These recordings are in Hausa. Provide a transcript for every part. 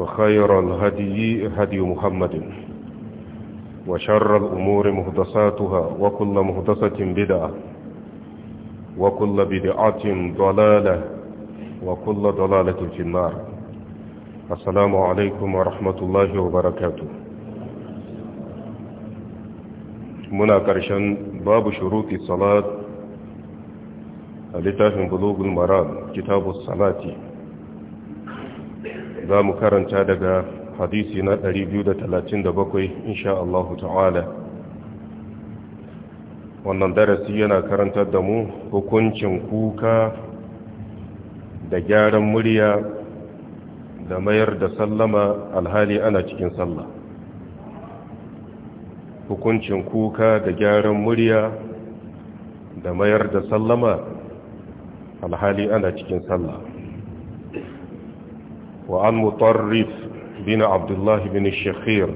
وخير الهدي هدي محمد وشر الأمور مهدساتها وكل مهدسة بدعة وكل بدعة ضلالة وكل ضلالة في النار السلام عليكم ورحمة الله وبركاته منا كرشن باب شروط الصلاة لتاهم بلوغ المرام كتاب الصلاة za mu karanta daga hadisi na 237 insha Allah ta'ala wannan darasi yana karantar da mu hukuncin kuka da gyaran murya da mayar da sallama alhali ana cikin sallah hukuncin kuka da gyaran murya da mayar da sallama alhali ana cikin sallah وعن مطرف بن عبد الله بن الشخير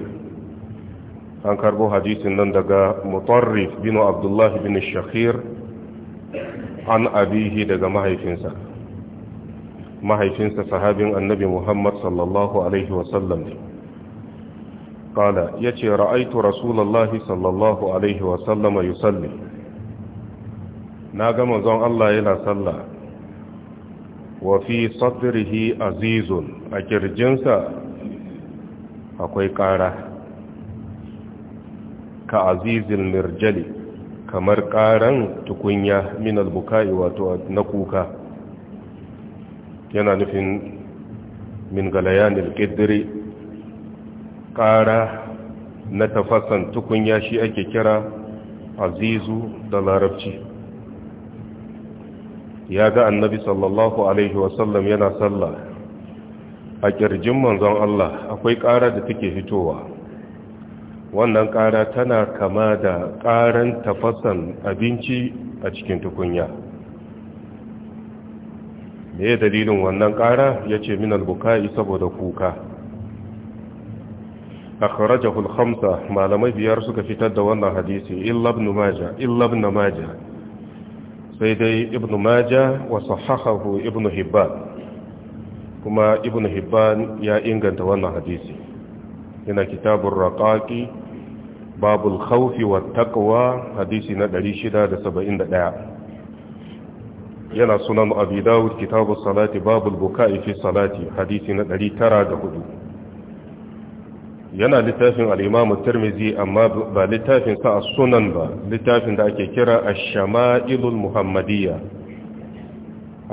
an karbo hadisin nan daga mutarrif bin abdullahi bin shakir an abihi daga mahaifinsa mahaifinsa sahabin annabi muhammad sallallahu alaihi wasallam ne kala ya ce ra'aitu rasulallahi sallallahu alaihi wasallama yusalli na ga manzon allah yana sallah wa fi sadrihi azizun a kirjinsa akwai ƙara ka azizin mirjali kamar ƙaran tukunya min albukai wato na kuka yana nufin min galayanil ƙidiri ƙara na tafasan tukunya shi ake kira azizu da larabci ya ga annabi sallallahu alaihi wasallam yana sallah a kirjin manzon Allah akwai ƙara da take fitowa wannan ƙara tana kama da ƙaran tafasan abinci a cikin tukunya me ya dalilin wannan ƙara ya ce min albuka'i saboda kuka a kharajahul khamsa malamai biyar suka fitar da wannan hadisi illa ibn majah illa sai dai ibn maja wa sahahahu ibn hibban kuma ibn hibban ya inganta wannan hadisi yana kitabun raƙaƙi babul khawfi wa taqwa hadisi na 671 yana sunan abi dawud salati babul buka'i fi salati hadisi na 904 yana littafin al'imamu tirmizi amma ba littafin sa a sunan ba littafin da ake kira a shama'ilul muhammadiyya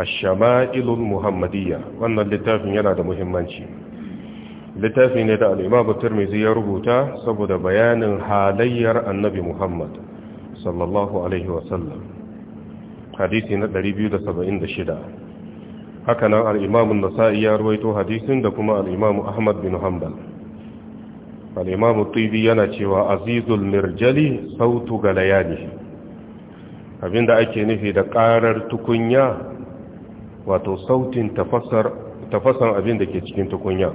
a shama'ilul muhammadiyya wannan littafin yana da muhimmanci littafi ne da al'imamu tirmizi ya rubuta saboda bayanin halayyar annabi muhammad sallallahu alaihi wasallam hadisi na 276 haka nan al'imamun nasa'i ya ruwaito hadisin da kuma al'imamu ahmad bin hanbal al'imamu tibi yana cewa azizul mirjali sautu galayani abinda ake nufi da ƙarar tukunya wato sautin tafasan abinda ke cikin tukunya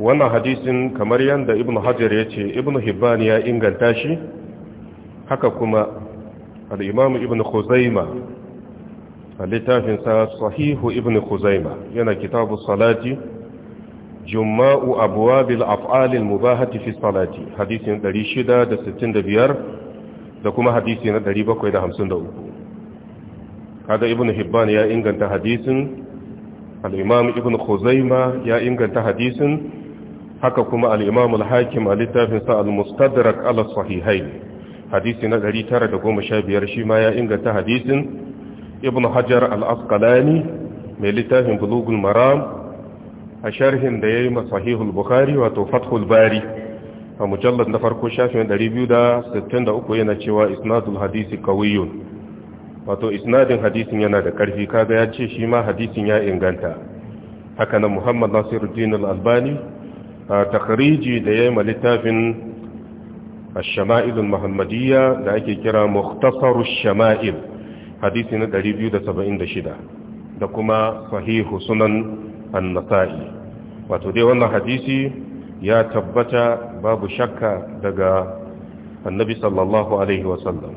wannan hadisin kamar yadda ibnu hajar ya ce ibn hibban ya inganta shi haka kuma al'imamu ibn khuzaima a littafinsa sahihu ibnu khuzaima yana kitabu salati Juma'u jumma'u abwabil af'alil mubahati fi salati hadisi na 665 da kuma hadisi na 753 kada Ibn hibban ya inganta hadisin al Ibn ibnu khuzaima ya inganta hadisin haka kuma al-imam al-hakim a littafin sa al-mustadrak ala sahihain hadisi na 915 shi ma ya inganta hadisin Ibn hajar al-asqalani mai littafin bulugul maram a sharhin da ya yi masahihul bukari wato fathul bari a mujallar na farko shafin 263 yana cewa isnadul hadisi kawiyun wato isnadin hadisin yana da ƙarfi kaga ya ce shi ma hadisin ya inganta haka na muhammad nasiruddin al-albani a takhariji da ya yi littafin shama'ilul muhammadiyya da ake kira muhtasarul shama'il hadisi na 276 da kuma sahihu sunan annasa'i wato dai wannan hadisi ya tabbata babu shakka daga annabi sallallahu alaihi wasallam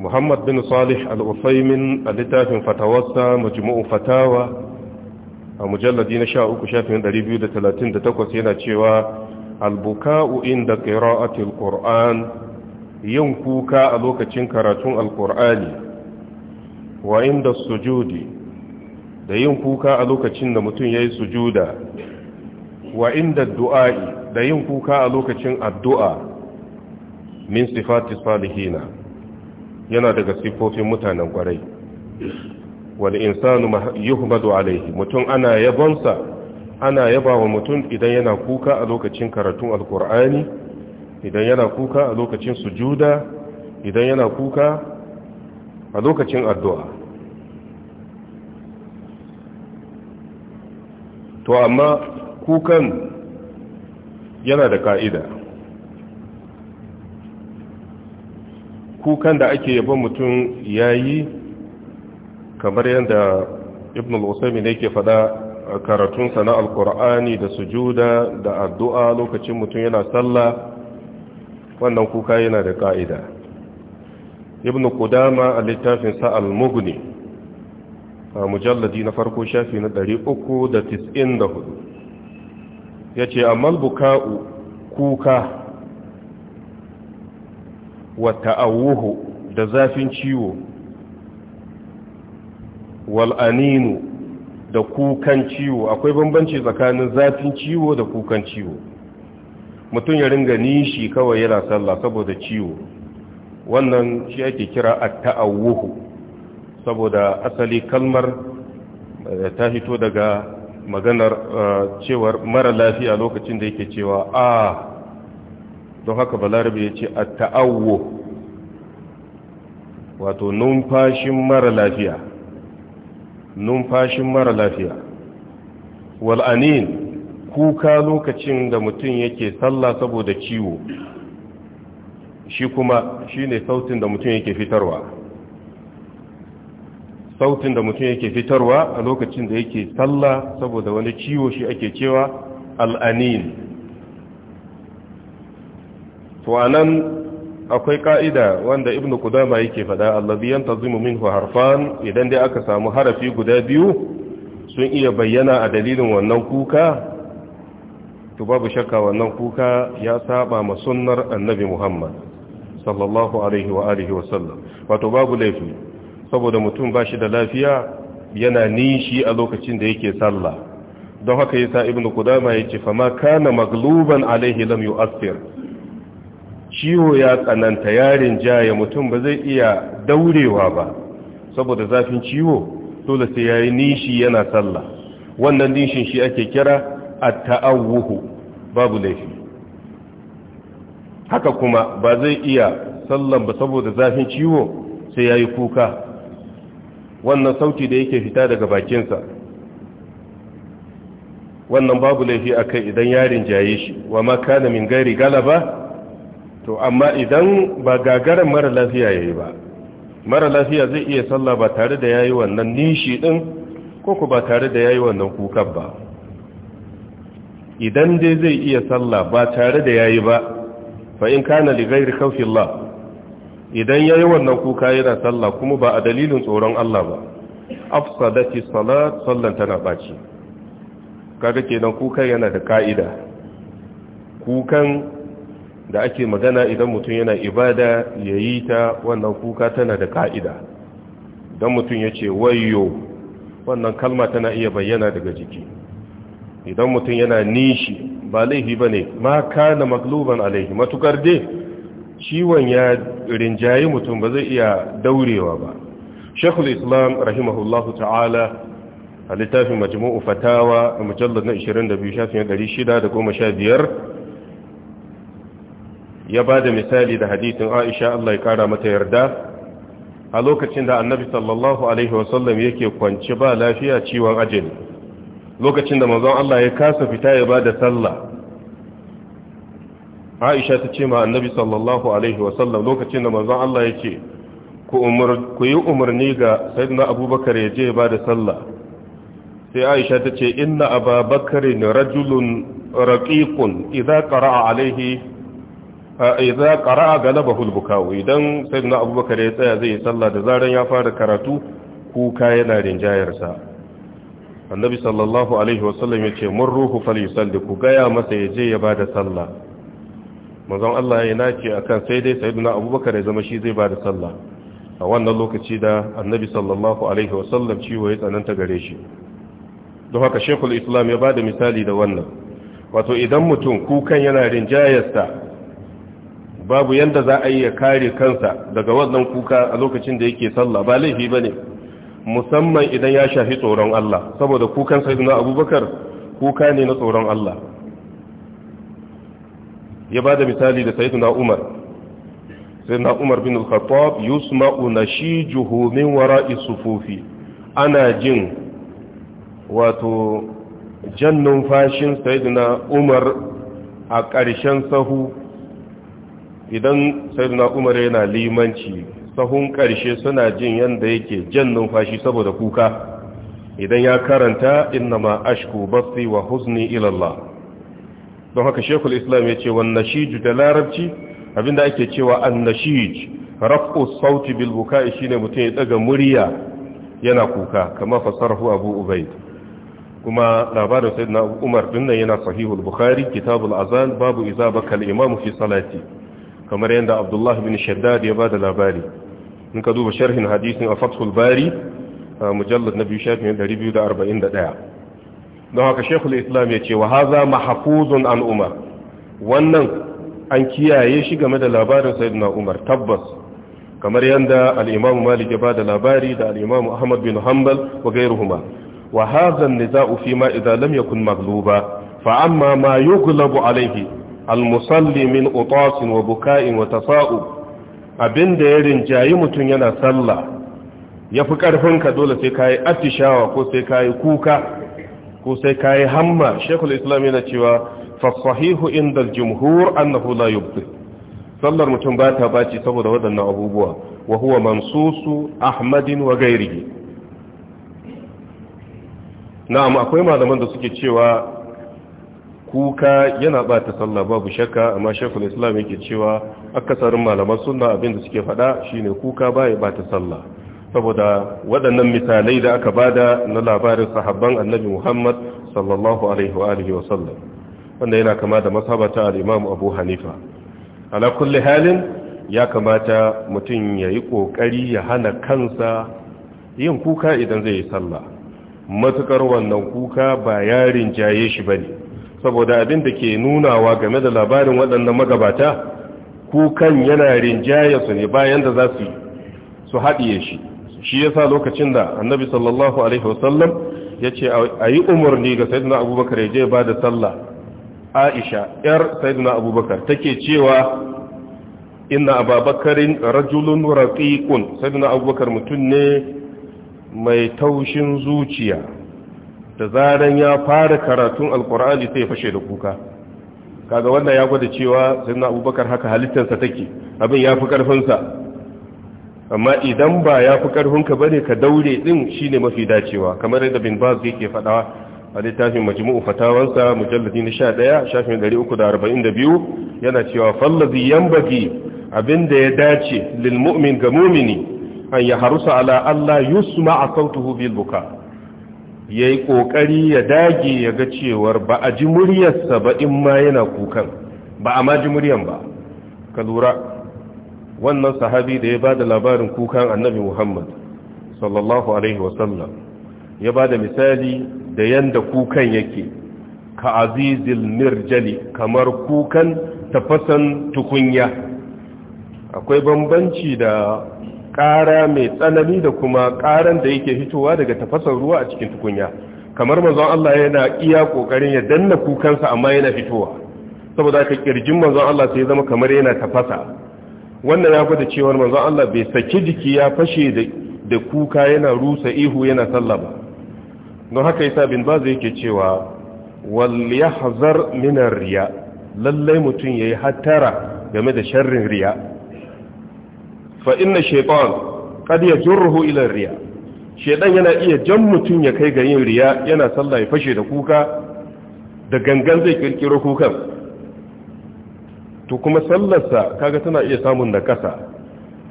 muhammad bin salih al'usaimin a littafin fatawarsa majmu'u fatawa a mujalladi na sha uku shafin 238 yana cewa albuka'u inda ƙira'atul ƙor'an yin kuka a lokacin karatun alƙur'ani wa inda sujudi da yin kuka a lokacin da mutum ya yi sujuda wa inda du'a'i da yin kuka a lokacin addu'a min sifati salihina yana daga sifofin mutanen kwarai wani insanu yuhmadu alaihi mutum ana yabonsa ana yaba wa mutum idan yana kuka a lokacin karatun alkur'ani idan yana kuka a lokacin sujuda idan yana kuka a lokacin addu'a to amma kukan yana da ka'ida kukan da ake ba mutum ya yi kamar yadda ibn al’usami ne ke fada karatunsa na alkur'ani da sujuda da addu'a lokacin mutum yana sallah wannan kuka yana da ka'ida ibn kudama a littafin sa al a mujalladi na farko shafi na 394 yace a buka'u kuka Wata ta'awuhu da zafin ciwo wal da kukan ciwo akwai bambanci tsakanin zafin ciwo da kukan ciwo mutum ya ringa nishi kawai yana sallah saboda ciwo wannan shi ake kira a taawuhu saboda asali kalmar eh, ta hito daga maganar eh, cewar mara lafiya lokacin da yake cewa a don haka balarabe ya ce a taawuh wato numfashin mara lafiya numfashin mara lafiya wal'anin kuka lokacin da mutum yake sallah saboda ciwo shi kuma shi ne sautin da mutum yake fitarwa sautin da mutum yake fitarwa a lokacin da yake tsalla saboda wani ciwo shi ake cewa al'anin to anan akwai ka'ida wanda ibnu kudama yake faɗa allazi yantazimu minhu harfan idan dai aka samu harafi guda biyu sun iya bayyana a dalilin wannan kuka to babu shakka wannan kuka ya saba ma sunnar annabi Muhammad sallallahu alaihi wa alihi wa sallam wato babu laifi saboda mutum bashi da lafiya yana nishi a lokacin da yake sallah don haka yasa ibn qudama yace fa ma kana magluban alaihi lam yu'athir ciwo ya tsananta yarin jaya mutum ba zai iya daurewa ba saboda zafin ciwo dole sai yayi nishi yana sallah wannan nishin shi ake kira at babu laifi haka kuma ba zai iya sallan ba saboda zafin ciwo sai ya yi kuka wannan sauti da yake fita daga bakinsa wannan babu laifi a kai idan yarin jaye shi wa ma kana min gari galaba to amma idan ba gagarin mara lafiya ya yi ba mara lafiya zai iya sallah ba tare da ya yi wannan nishi ɗin ko ku ba tare da ya yi wannan kukan ba idan dai zai iya sallah ba tare da ya yi ba fa in kana li ghairi khawfi Allah idan yayi wannan kuka yana sallah kuma ba a dalilin tsoron Allah ba afsadati salat sallan tana baci kaga kenan kuka yana da ka'ida kukan da ake magana idan mutum yana ibada yayi ta wannan kuka tana da ka'ida dan mutum yace wayyo wannan kalma tana iya bayyana daga jiki idan mutum yana nishi ba laifi ba ne ma kana makluban alaihi matukar dai ciwon ya rinjaye mutum ba zai iya daurewa ba shekul islam rahimahullahu ta'ala a littafin majmu'u fatawa a mujallar na 22 shafin 615 ya ba da misali da hadithin aisha Allah ya kara mata yarda a lokacin da annabi sallallahu alaihi wasallam yake kwanci ba lafiya ciwon ajiyar lokacin da manzon Allah ya kasa fita ya bada sallah Aisha ta ce ma annabi sallallahu alaihi wa sallam lokacin da manzon Allah ya ce ku yi umarni ga sayyidina abubakar ya je ya bada sallah sai Aisha ta ce inna ababakar rajulun raqiqun idza qara'a alaihi idza qara'a galabahu al-bukaw idan sayyidina abubakar ya tsaya zai yi sallah da zaran ya fara karatu kuka yana rinjayarsa annabi sallallahu alaihi wasallam ya ce mun ruhu falisalli ku gaya masa ya je ya ba da sallah manzon Allah ya nace akan sai dai sayyiduna abubakar ya zama shi zai ba da sallah a wannan lokaci da annabi sallallahu alaihi wasallam ciwo ya tsananta gare shi don haka shekul islam ya ba da misali da wannan wato idan mutum kukan yana rinjayarsa babu yanda za a yi ya kare kansa daga wannan kuka a lokacin da yake sallah ba laifi ba ne musamman idan ya shafi tsoron Allah saboda kukan sayyidina abubakar kuka ne na tsoron Allah ya ba da misali da sayyidina umar sayyidina umar bin al-khattab yusma'u nashijuhu min wara'i sufufi ana jin wato jan numfashin sayyidina umar a ƙarshen sahu idan sayyidina umar yana limanci sahun ƙarshe suna jin yadda yake jan numfashi saboda kuka idan ya karanta innama ashku basti wa husni ilallah don haka shekul islam ya ce wannan shiju da larabci abinda ake cewa shiju raf'u sauti bil shi ne mutum ya daga murya yana kuka kama fasarahu abu ubaid kuma labarin na umar dinnan yana sahihul bukhari kitabul azan babu iza bakal imam fi salati kamar yadda abdullahi bin shaddad ya ba da labari in ka duba sharhin hadisin a fathul bari mujallar na biyu shafin 241 don haka shekul islam ya ce wa haza mahafuzun an umar wannan an kiyaye shi game da labarin sayyidina umar tabbas kamar yadda al'imamu malik ya ba da labari da al'imamu ahmad bin hanbal wa gairuhuma wa haza niza'u fi ma idan lam yakun magluba fa amma ma yughlabu alayhi al-musalli min utasin wa buka'in wa tasa'u abin da ya rinjayi mutum yana salla ya fi ka dole sai ka yi attishawa ko sai ka yi kuka ko sai ka yi hamma shekul islam yana cewa fasahihu inda jumhur annahu la yubdi sallar mutum ba ta baci saboda waɗannan abubuwa wa huwa mansusu ahmadin wa gairihi na'am akwai malaman da suke cewa kuka yana bata sallah babu shakka amma shekul islam yake cewa akasarin malaman sunna abinda suke fada shine kuka baya bata sallah saboda waɗannan misalai da aka bada na labarin sahabban annabi Muhammad sallallahu alaihi wa alihi wa sallam wanda yana kama da masabata al-Imam Abu Hanifa ala kulli halin ya kamata mutum ya yi kokari ya hana kansa yin kuka idan zai yi sallah matukar wannan kuka ba yarin jaye shi bane saboda abin da ke nunawa game da labarin waɗannan magabata kukan yana rinjaya su ne bayan da za su su haɗiye shi shi yasa lokacin da annabi sallallahu alaihi wasallam ya ce a yi umarni ga sayyidina abubakar ya je ba da sallah aisha yar sayyidina abubakar take cewa inna ababakarin rajulun raqiqun sayyidina abubakar mutum ne mai taushin zuciya da zaran ya fara karatun alkur'ani sai ya fashe da kuka kaga wannan ya gwada cewa sayyidina abubakar haka halittarsa take abin ya fi ƙarfinsa. amma idan ba ya fi ƙarfinka ba ne ka daure din shine mafi dacewa kamar yadda bin baz yake faɗa a littafin majmu'u fatawansa mujalladi na 11 shafin 342 yana cewa fallazi abin da ya dace lil mu'min ga mu'mini an ya harusa ala Allah yusma sautuhu bil buka ya yi ƙoƙari ya dage ya ga cewar ba a ji muryarsa ba in ma yana kukan ba a ma ji muryan ba ka lura wannan sahabi da ya ba da labarin kukan annabi muhammad sallallahu alaihi wasallam ya ba da misali da yanda kukan yake ka azizil mirjali kamar kukan tafasan tukunya akwai bambanci da ƙara mai tsanani da kuma ƙaran da yake fitowa daga tafasar ruwa a cikin tukunya kamar manzon Allah yana iya kokarin ya danna kukansa amma yana fitowa saboda ka ƙirjin manzon Allah sai zama kamar yana tafasa wannan ya gwada cewa manzon Allah bai saki jiki ya fashe da da kuka yana rusa ihu yana sallah ba don haka yasa bin baz yake cewa wal yahzar min riya lallai mutun yayi hattara game da sharrin riya fa inna shaytan qad yajruhu ila riya shaytan yana iya jan mutun ya kai ga yin riya yana sallah ya fashe da kuka da gangan zai kirkiro kukan to kuma sallarsa kaga tana iya samun da kasa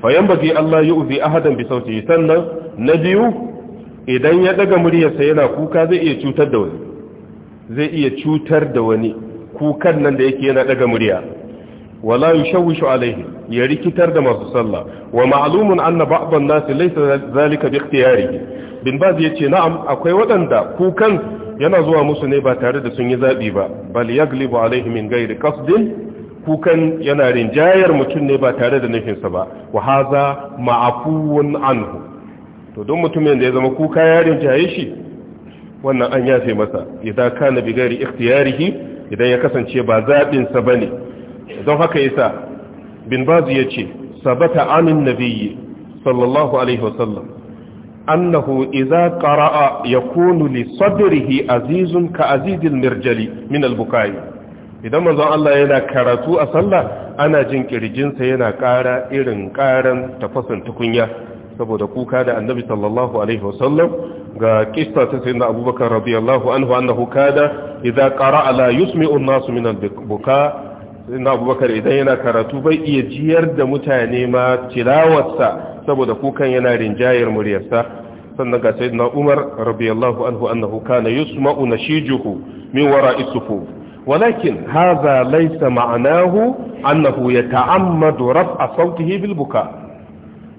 fa yanbaghi Allah yu'zi ahadan bi sautihi sannan na biyu idan ya daga muryarsa yana kuka zai iya cutar da wani zai iya cutar da wani kukan nan da yake yana daga murya wala yushawishu alaihi ya rikitar da masu sallah wa ma'lumun anna ba'dhan nas laysa zalika bi ikhtiyarihi bin baz yace na'am akwai waɗanda kukan yana zuwa musu ne ba tare da sun yi zabi ba bal yaglibu alaihim min ghairi qasdin kukan yana rinjayar mutum ne ba tare da nufinsa ba wa haza ma'afuwun anhu to don mutumin da ya zama kuka ya rinjaye shi wannan an yafe masa idan kana bi ghairi ikhtiyarihi idan ya kasance ba zabin sa bane don haka yasa bin bazi ya ce sabata anin nabiyyi sallallahu alaihi wasallam annahu idza qara'a yakunu li sadrihi azizun ka azizil mirjali min al-bukai idan manzon Allah yana karatu a sallah ana jin kirjinsa yana ƙara irin ƙaran tafasan tukunya saboda kuka da annabi sallallahu alaihi wasallam ga kista ta sayyidina abubakar radiyallahu anhu annahu kada iza qara'a la yusmi'u an-nasu min al na abubakar idan yana karatu bai iya jiyar da mutane ma tilawarsa saboda kukan yana rinjayar muryarsa sannan ga na umar radiyallahu anhu annahu kana yusma'u nashijuhu min wara'i sufuf walakin haza laisa ma'anahu annahu yata'ammadu raf'a sawtihi bil buka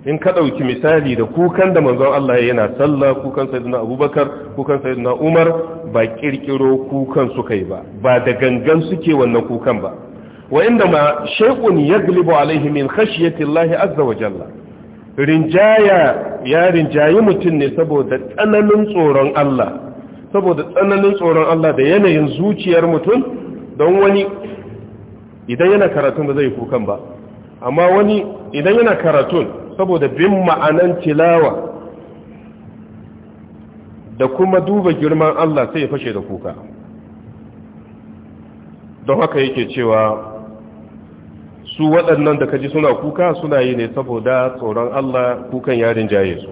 in ka dauki misali da kukan da manzon Allah yana sallah kukan sayyidina abubakar kukan sayyidina umar ba kirkiro kukan suka ba ba da gangan suke wannan kukan ba wa inda ma shay'un yaglibu alaihi min khashyati Allah azza wa jalla rinjaya ya rinjayi mutum ne saboda tsananin tsoron Allah saboda tsananin tsoron Allah da yanayin zuciyar mutum don wani idan yana karatun ba zai kukan ba amma wani idan yana karatun saboda bin ma'anan tilawa da kuma duba girman Allah sai ya fashe da kuka don haka yake cewa su waɗannan da kaji suna kuka suna yi ne saboda tsoron Allah kukan yarin jaye su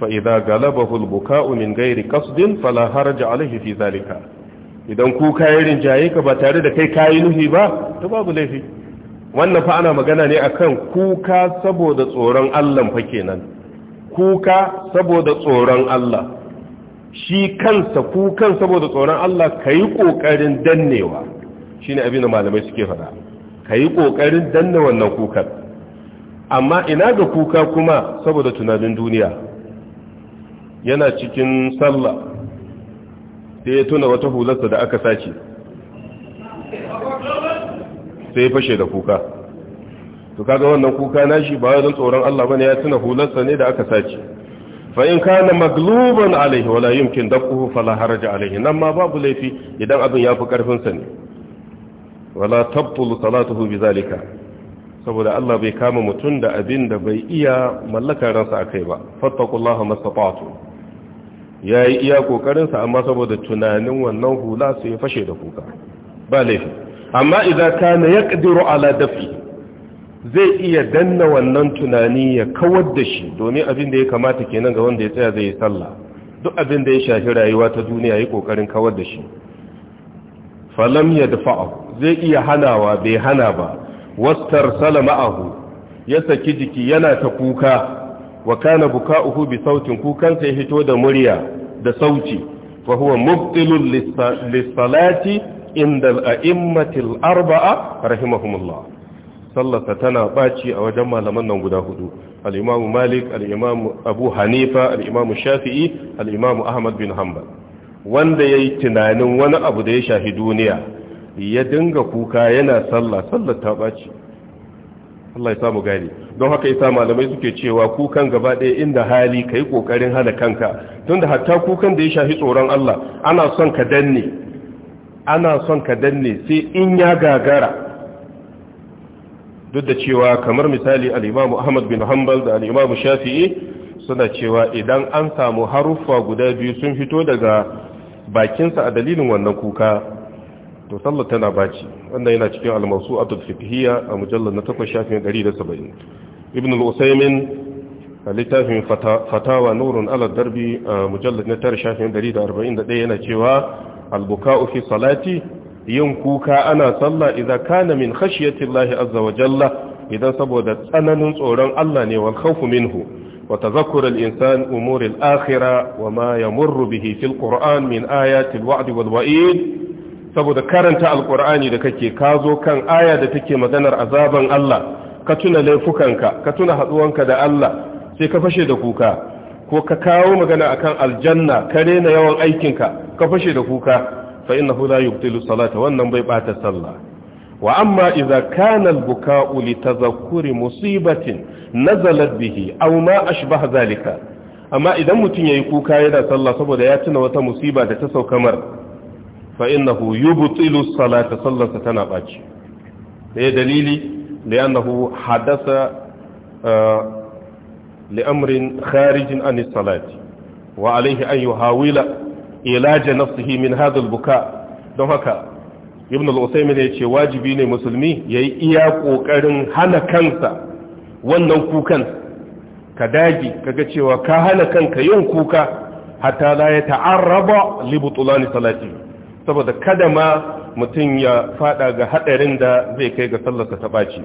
Fa'iza idza galabahu al-buka'u min ghairi qasdin fala haraja alayhi fi zalika idan kuka yarin jaye ka ba tare da kai kayi nuhi ba to babu laifi wannan fa ana magana ne akan kuka saboda tsoron Allah fa kenan kuka saboda tsoron Allah shi kansa kukan saboda tsoron Allah kai kokarin dannewa shine abin da malamai suke faɗa ka yi ƙoƙarin danna wannan kukan amma ina ga kuka kuma saboda tunanin duniya yana cikin sallah sai ya tuna wata hularsa da aka sace sai ya fashe da kuka to kaga wannan kuka nashi ba don tsoron Allah bane ya tuna hularsa ne da aka sace fa in kana magluban alaihi wala yumkin daquhu fala haraja alaihi nan ma babu laifi idan abin yafi karfin sa ne wala tabtulu salatuhu bizalika saboda Allah bai kama mutum da abin da bai iya mallakar ransa akai ba fattaqullaha mastata'tu yayi iya kokarin sa amma saboda tunanin wannan hula sai fashe da kuka ba laifi amma idan kana yaqdiru ala dafi zai iya danna wannan tunani ya kawar da shi domin abin da ya kamata kenan ga wanda ya tsaya zai yi sallah duk abin da ya shafi rayuwa ta duniya yi kokarin kawar da shi falam yadfa'u zai iya hanawa bai hana ba wastar ahu ya saki jiki yana ta kuka wa kana uhu bi sautin kukan sai hito da murya da sauti fa huwa mubtilun lis-salati inda al-a'immati arbaa rahimahumullah sallata tana baci a wajen malaman nan guda hudu al-imamu malik al-imamu abu hanifa al-imamu shafi'i al-imamu ahmad bin hanbal wanda yayi tunanin wani abu da ya shahi duniya ya dinga kuka yana sallah sallar ta ɓaci Allah ya samu gani. don haka yasa malamai suke cewa kukan gaba ɗaya inda hali kai kokarin hana kanka tunda hatta kukan da ya shafi tsoron Allah ana son ka danne ana son ka danne sai in ya gagara duk da cewa kamar misali al-Imam Ahmad bin Hanbal da al Shafi'i suna cewa idan an samu haruffa guda biyu sun fito daga bakinsa a dalilin wannan kuka to sallar tana baci wannan yana cikin almasu atul fiqhiyya a mujallar na takwas shafin 170 ibn al-usaymin a littafin fatawa nurun ala darbi a mujallar na tara shafin 141 yana cewa al-buka'u fi salati yin kuka ana sallah idan kana min khashyati lahi azza wa jalla idan saboda tsananin tsoron Allah ne wal khawfu minhu wa tadhakkur al-insan umur al-akhirah wa ma yamurru bihi fil qur'an min ayati al-wa'd wal wa'id saboda karanta alkur'ani da kake ka zo kan aya da take maganar azaban Allah ka tuna laifukanka ka tuna haduwanka da Allah sai ka fashe da kuka ko ka kawo magana akan aljanna ka rena yawan aikinka ka fashe da kuka fa innahu la yubtilu salata wannan bai bata sallah wa amma idza kana al li tadhakkuri musibatin nazalat bihi aw ma ashbaha zalika amma idan mutun yayi kuka yana sallah saboda ya tuna wata musiba da ta sauka mar fa innahu yubtilu salata sallarsa tana baci da dalili li'annahu hadasa eh, li'amrin kharijin an salati wa alayhi an yuhawila ilaja nafsihi min hadha buka don haka ibn al-usaymin ya ce wajibi ne musulmi yayi iya kokarin hana kansa wannan kukan ka ka ga cewa ka hana kanka yin kuka hatta la ya ta'arraba li butulani salati saboda kada ma mutum ya fada ga hadarin da zai kai ga sallarsa ta baci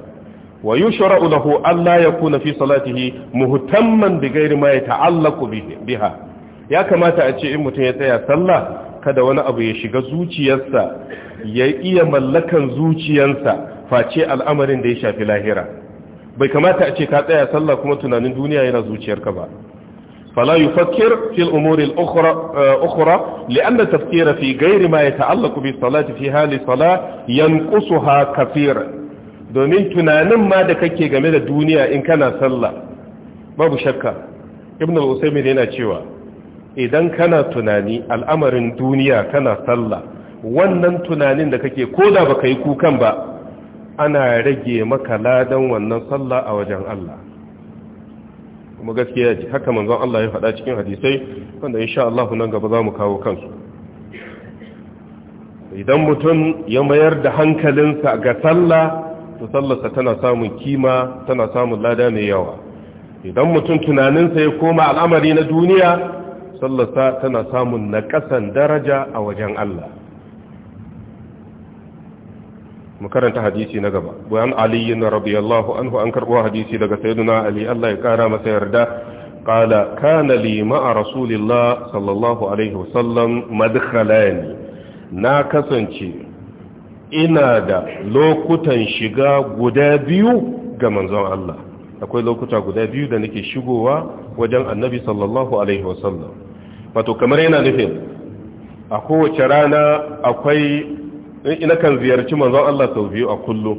wa yushra'u lahu ya yakuna fi salatihi muhtamman bi ghairi ma yata'allaqu biha ya kamata a ce in mutum ya tsaya sallah kada wani abu ya shiga zuciyarsa ya iya mallakan zuciyarsa face al'amarin da ya shafi lahira bai kamata a ce ka tsaya sallah kuma tunanin duniya yana zuciyarka ba فلا يفكر في الأمور الأخرى أخرى لأن التفكير في غير ما يتعلق بالصلاة في هذه الصلاة ينقصها كثيرا domin tunanin ma da kake game da duniya in kana sallah babu shakka ibn al-usaymin yana cewa idan kana tunani al'amarin duniya kana sallah wannan tunanin da kake koda baka yi kukan ba ana rage maka ladan wannan sallah a wajen Allah kuma gaskiya ce haka manzon Allah ya faɗa cikin hadisai wanda insha Allah nan gaba za mu kawo kansu idan mutum ya mayar da hankalinsa ga sallah to sallarsa tana samun kima tana samun lada mai yawa idan mutum tunaninsa ya koma al'amari na duniya sallarsa tana samun naƙasan daraja a wajen Allah mu hadisi na gaba bayan ali radiyallahu anhu an karbo hadisi daga sayyidina ali Allah ya kara masa yarda qala kana li ma'a rasulillah sallallahu alaihi wasallam madkhalani na kasance ina da lokutan shiga guda biyu ga manzon Allah akwai lokuta guda biyu da nake shigowa wajen annabi sallallahu alaihi wasallam wato kamar yana nufin a kowace rana akwai ina kan ziyarci manzon Allah sau biyu a kullum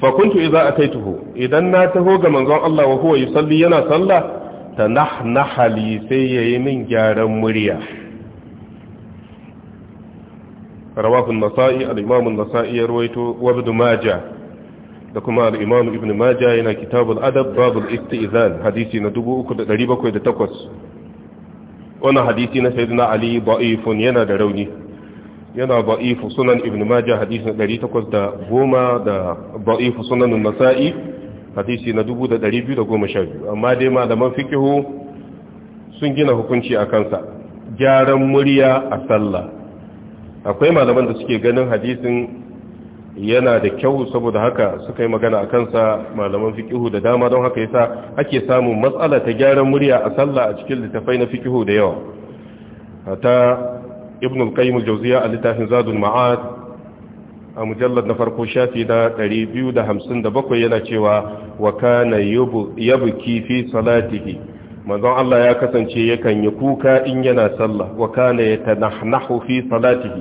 fa kuntu idza ataituhu idan na taho ga manzon Allah wa huwa yusalli yana sallah tanahnaha li sai yayi min gyaran murya rawahu an-nasa'i al-imam an-nasa'i yarwayto wa ibn majah da kuma al-imam ibn majah yana kitab al-adab bab al-istizan hadisi na 3708 wannan hadisi na sayyidina ali da'ifun yana da rauni yana ba'ifu sunan ibn majah hadisi na 810 da ba'ifu sunan nasa'i hadisi na 2212 amma dai malaman fikihu sun gina hukunci a kansa gyaran murya a sallah akwai malaman da suke ganin hadisin yana da kyau saboda haka suka yi magana a kansa malaman fikihu da dama don haka yasa ake samun matsala ta gyaran murya a sallah a cikin littafai na fikihu da yawa ta ibn al-qayyim al-jawziya a littafin Zadun ma'ad a mujallad na farko shafi na 257 yana cewa wa kana yabki fi salatihi manzon Allah ya kasance yakan yi kuka in yana sallah wa kana yatanahnahu fi salatihi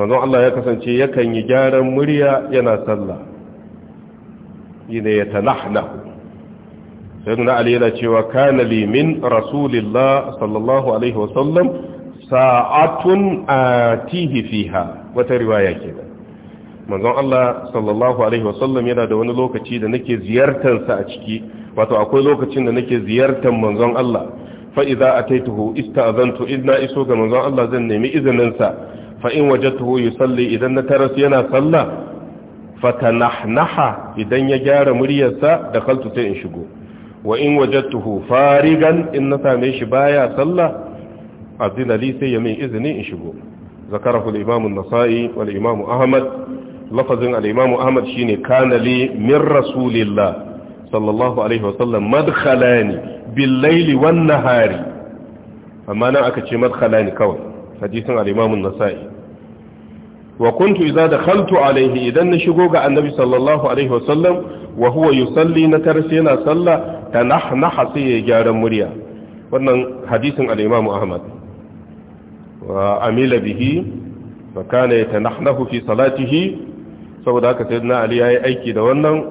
manzon Allah ya kasance yakan yi gyaran murya yana sallah yana yatanahnahu sayyidina ali yana cewa kana li min rasulillah sallallahu alaihi wa sallam. sa'atun atihi fiha wata riwaya kenan manzon Allah sallallahu alaihi wasallam yana da wani lokaci da nake ziyartar sa a ciki wato akwai lokacin da nake ziyartar manzon Allah fa idza ataituhu ista'zantu idna iso ga manzon Allah zan nemi izinin sa fa in wajadtuhu yusalli idan na taras yana sallah fatanahnaha idan ya gyara muryarsa da kaltu sai in shigo wa in wajadtuhu farigan in na same shi baya sallah azina sai ya min izini in shigo zakarahu al-imam an-nasa'i wal ahmad lafazin al ahmad shine kana li min rasulillah sallallahu alaihi wasallam madkhalani bil layli wan nahari amma nan aka ce madkhalani kawai hadisin al-imam an-nasa'i wa kuntu idza idan na shigo ga annabi sallallahu alaihi wasallam wa na tarsi yana salla tanahnaha sai ya gyara murya wannan hadisin al ahmad Wa amila bihi fa kana yatanahnahu fi salatihi saboda haka sayyidina ali ya yi aiki da wannan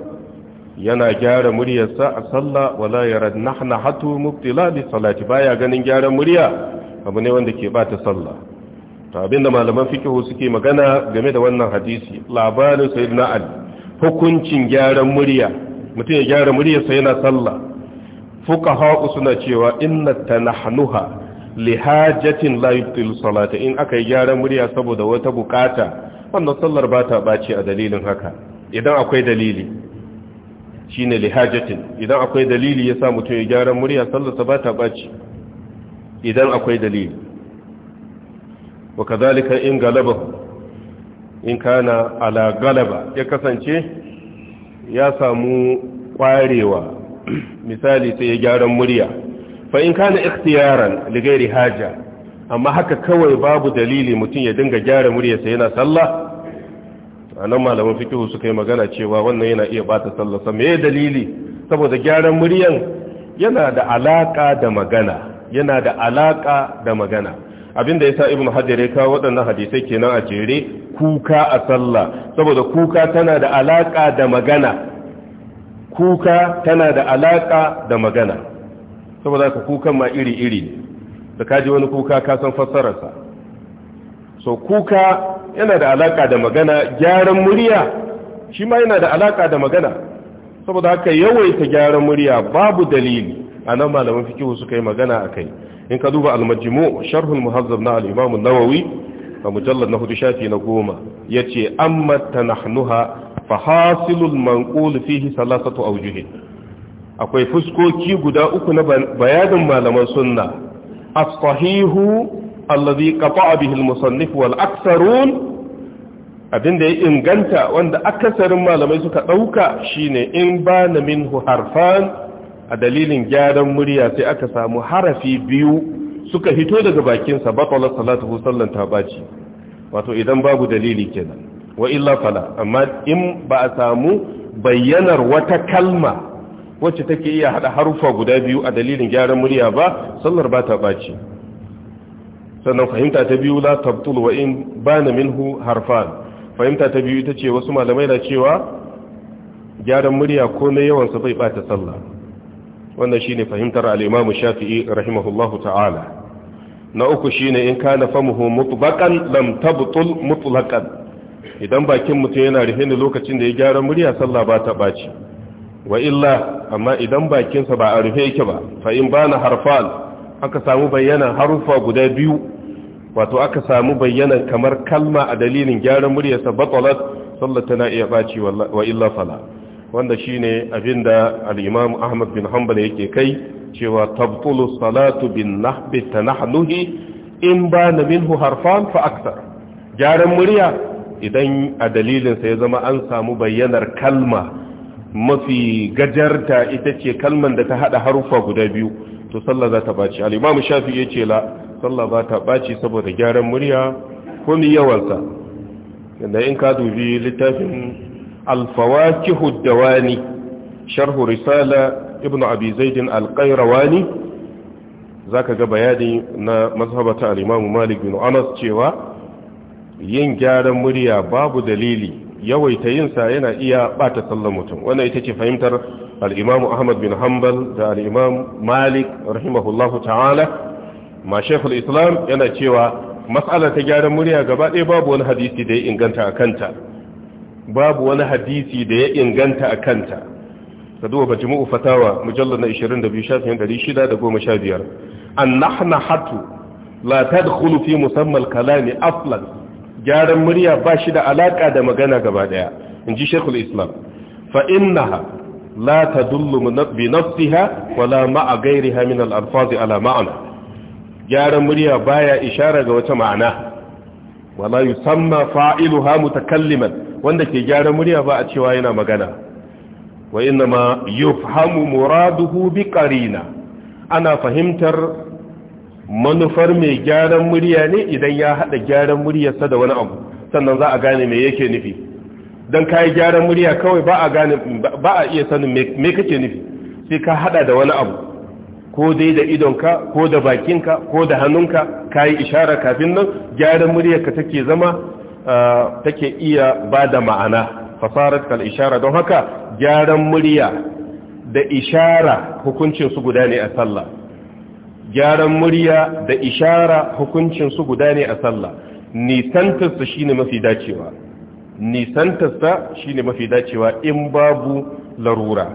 yana gyara muryarsa a sallah wala yaradnahna hatu mubtila bi salati baya ganin gyaran murya abu ne wanda ke bata sallah to abinda malaman fiqh suke magana game da wannan hadisi labarin sayyidina ali hukuncin gyaran murya mutum ya gyara muryarsa yana sallah fuqaha suna cewa inna tanahnuha lihajatin la yubtilu salata in aka yi gyaran murya saboda wata bukata wannan sallar ba ta baci a dalilin haka idan akwai dalili shine lihajatin idan akwai dalili yasa mutum ya gyaran murya sallarsa ba ta baci idan akwai dalili wa kadhalika in galaba in kana ala galaba ya kasance ya samu kwarewa misali sai ya gyaran murya fa in kana ikhtiyaran li ghairi haja amma haka kawai babu dalili mutum ya dinga gyara muryarsa yana sallah anan malaman fikihu suka yi magana cewa wannan yana iya bata sallah sa me dalili saboda gyaran muryan yana da alaka da magana yana da alaka da magana abinda yasa ibnu hajjar ya kawo waɗannan hadisai kenan a jere kuka a sallah saboda kuka tana da alaka da magana kuka tana da alaka da magana saboda ka kukan ma iri-iri ne da kaji wani kuka ka san fassararsa so kuka yana da alaka da magana gyaran murya shi ma yana da alaka da magana saboda haka yawaita gyaran murya babu dalili a nan malaman fikihu suka yi magana a kai in ka duba almajimu sharhul muhazzab na al'imamun nawawi a mujallar na hudu shafi na goma ya ce amma ta nahnuha fa hasilul manqul fihi salasatu aujuhin akwai fuskoki guda uku na bayanin malaman sunna as-sahihu allazi qata'a bihi al-musannif wal aktharun abinda ya inganta wanda akasarin malamai suka dauka shine in bana minhu harfan a dalilin gyaran murya sai aka samu harafi biyu suka hito daga bakin sa batala salatu sallan tabaci wato idan babu dalili kenan wa illa fala amma in ba a samu bayyanar wata kalma wacce take iya hada harufa guda biyu a dalilin gyaran murya ba sallar ba ta ɓaci. sannan fahimta ta biyu la tabtul wa in bana minhu harfan fahimta ta biyu ita ce wasu malamai na cewa gyaran murya ko na yawan sa bai bata sallah wannan shine fahimtar al-Imam Shafi'i rahimahullahu ta'ala na uku shine in kana famuhu mutlaqan lam tabtul mutlaqan idan bakin mutum yana rufe lokacin da ya gyara murya sallah ba ta baci wa illa amma idan bakinsa ba a rufe yake ba fa in bana harfan aka samu bayyana harufa guda biyu wato aka samu bayyana kamar kalma a dalilin gyaran muryarsa batalat sallata na iya baci wa illa fala wanda shine abinda al-imam Ahmad bin Hanbal yake kai cewa tabtulu salatu bin nahbi tanahluhi in bana minhu harfan fa akthar gyaran murya idan a dalilinsa ya zama an samu bayyanar kalma mafi gajarta ita ce kalman da ta hada harufa guda biyu to sallah za ta baci al shafi ya ce la sallah za ta baci saboda gyaran murya ko mi yawansa in ka dubi littafin alfawakihu da dawani sharhu risala ibn abi zaid al zaka ga bayani na mazhabata al-imam malik bin anas cewa yin gyaran murya babu dalili yawaita yinsa yana iya bata sallar mutum wannan ita ce fahimtar al Ahmad bin Hanbal da al'imam Malik rahimahullahu ta'ala ma Sheikhul Islam yana cewa mas'alar ta gyaran murya gaba ɗaya babu wani hadisi da ya inganta a kanta babu wani hadisi da ya inganta a kanta ka duba majmu'u ufatawa mujallar na 22 shafin 615 an nahna hatu la tadkhulu fi musamman kalani aflan gyaran murya ba shi da alaƙa da magana gaba ɗaya in ji shekul islam fa la la dullu bi nafsiha wala ma'a ghayriha min al ala ma'ana gyaran murya baya ishara ga wata ma'ana wala yusamma fa'iluha mutakalliman wanda ke gyaran murya ba a cewa yana magana wa inna ma yufhamu muraduhu bi ƙarina? ana fahimtar manufar mai gyaran murya ne idan ya haɗa gyaran muryarsa da wani abu sannan za a gane me yake nufi don ka yi gyaran murya kawai ba a gane ba iya sanin me kake nufi sai ka haɗa da wani abu ko dai da idonka ko da bakinka ko da hannunka ka yi ishara kafin nan gyaran muryarka take zama ah, take iya ba da ma'ana fasarar kal ishara don haka gyaran murya da ishara hukuncin su guda ne a sallah gyaran murya da ishara hukuncin su guda ne a sallah nisantarsa shi mafi dacewa nisantarsa ne mafi dacewa in babu larura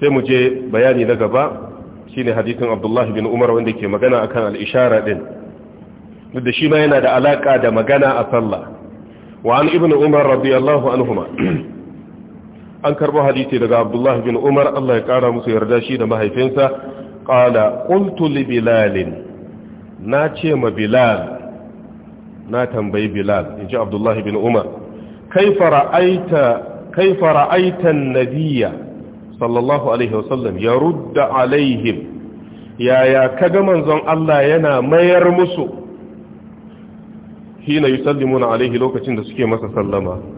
sai mu je bayani na gaba shi ne hadisin Abdullahi bin Umar wanda ke magana akan kan al'ishara din da shi ma yana da alaƙa da magana a sallah wa an ibn Umar radiyallahu anhuma an karbo hadisi daga abdullahi bin umar allah ya kara musu yarda shi da mahaifinsa ƙala ƙultu li bilalin na ce ma bilal na tambayi bilal in ji abdullahi bin umar kai fara'aitan nabiya sallallahu alaihi wasallam ya rudda alaihim yaya kaga manzon allah yana mayar musu Shi hina yusallimuna alaihi lokacin da suke masa sallama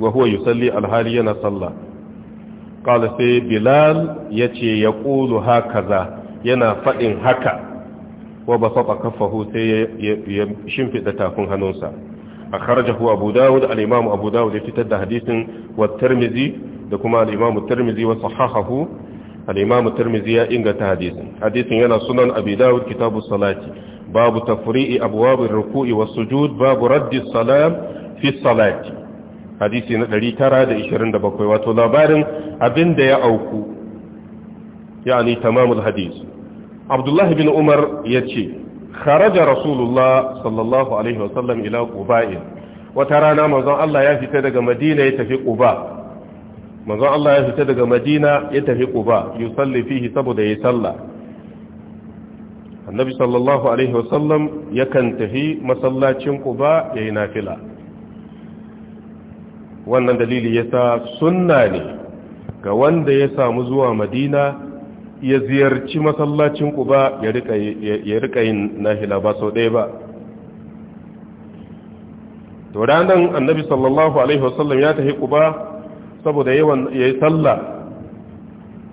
wa huwa yusalli alhali yana sallah qala sai bilal yace yaqulu hakaza yana fadin haka wa basata kaffahu sai ya shimfida tafin hannunsa akhrajahu abu daud al-imam abu daud ya fitar da hadisin wa tirmidhi da kuma al-imam at-tirmidhi wa sahahahu al-imam at-tirmidhi ya inganta hadisin hadisin yana sunan abi daud kitabus salati babu tafri'i abwab ar-ruku'i was-sujud babu raddi as-salam fi as-salati hadisi na 927 wato labarin abin da ya auku ya yani tamamul hadis abdullahi bin umar ya ce kharaja rasulullah sallallahu alaihi wasallam ila quba'in wata rana mazan Allah ya fita daga madina ya tafi quba mazan Allah ya fita daga madina ya tafi quba fi fihi saboda ya salla. annabi sallallahu alaihi wasallam kan tafi masallacin quba yi nafila wannan dalili ya sa sunna ne ga wanda ya samu zuwa madina ya ziyarci masallacin kuba ya rika yin nahila ba sau ɗaya ba to ranar annabi sallallahu alaihi wasallam ya tafi kuba saboda yawan ya yi sallah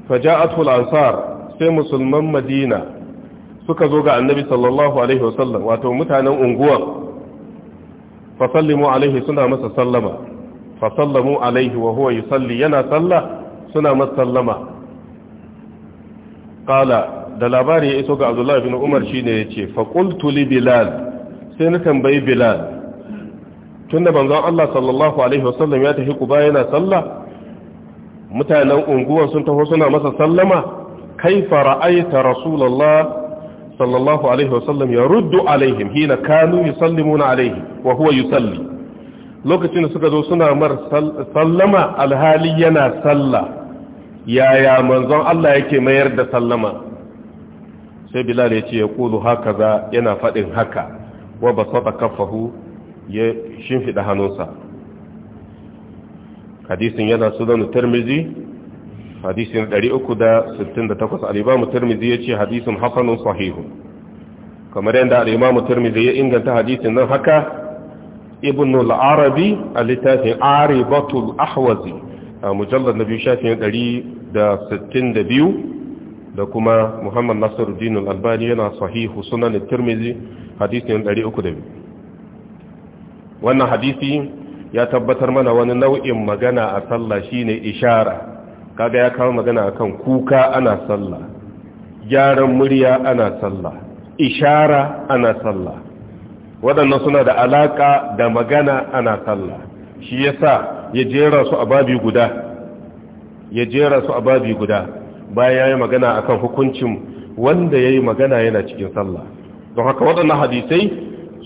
faja'atul ansar sai musulman madina suka zo ga annabi sallallahu alaihi wasallam wato mutanen unguwar fasallimu alaihi suna masa sallama fa sallamu alaihi wa huwa yusalli yana sallah suna masallama qala da labari ya iso ga Abdullahi bin Umar shine yace fa qultu li Bilal sai na tambayi Bilal tunda banzan Allah sallallahu alaihi wa sallam ya tafi Quba yana sallah? mutanen unguwar sun taho suna masa sallama kaifa ra'aita rasulullah sallallahu alaihi wasallam ya ruddu alaihim hina kanu yusallimuna alaihi wa huwa yusalli lokacin da suka zo suna mar sallama alhali yana salla yaya manzon Allah yake mayar da sallama sai bilal ya ce ya kudu haka za yana faɗin haka wa ba sata kafahu ya shimfiɗa hannunsa hadisin yana sunan tirmizi hadisin 368 al'imamu tirmizi ya ce hadisin hasanun sahihu kamar yadda al'imamu tirmizi ya inganta hadisin nan haka ibn al-arabi a littafin aribatul ahwazi a mujallar na biyu shafin ɗari da kuma muhammad nasiruddin al-albani yana sahihu ɗari uku da biyu. wannan hadisi ya tabbatar mana wani nau'in magana a sallah shine ishara kaga ya kawo magana akan kuka ana sallah gyaran murya ana sallah ishara ana sallah waɗannan suna da alaƙa da magana ana sallah shi yasa ya jera su a babi guda ya jera su a babi guda bayan yayi magana akan hukuncin wanda yayi magana yana cikin sallah don haka waɗannan hadisai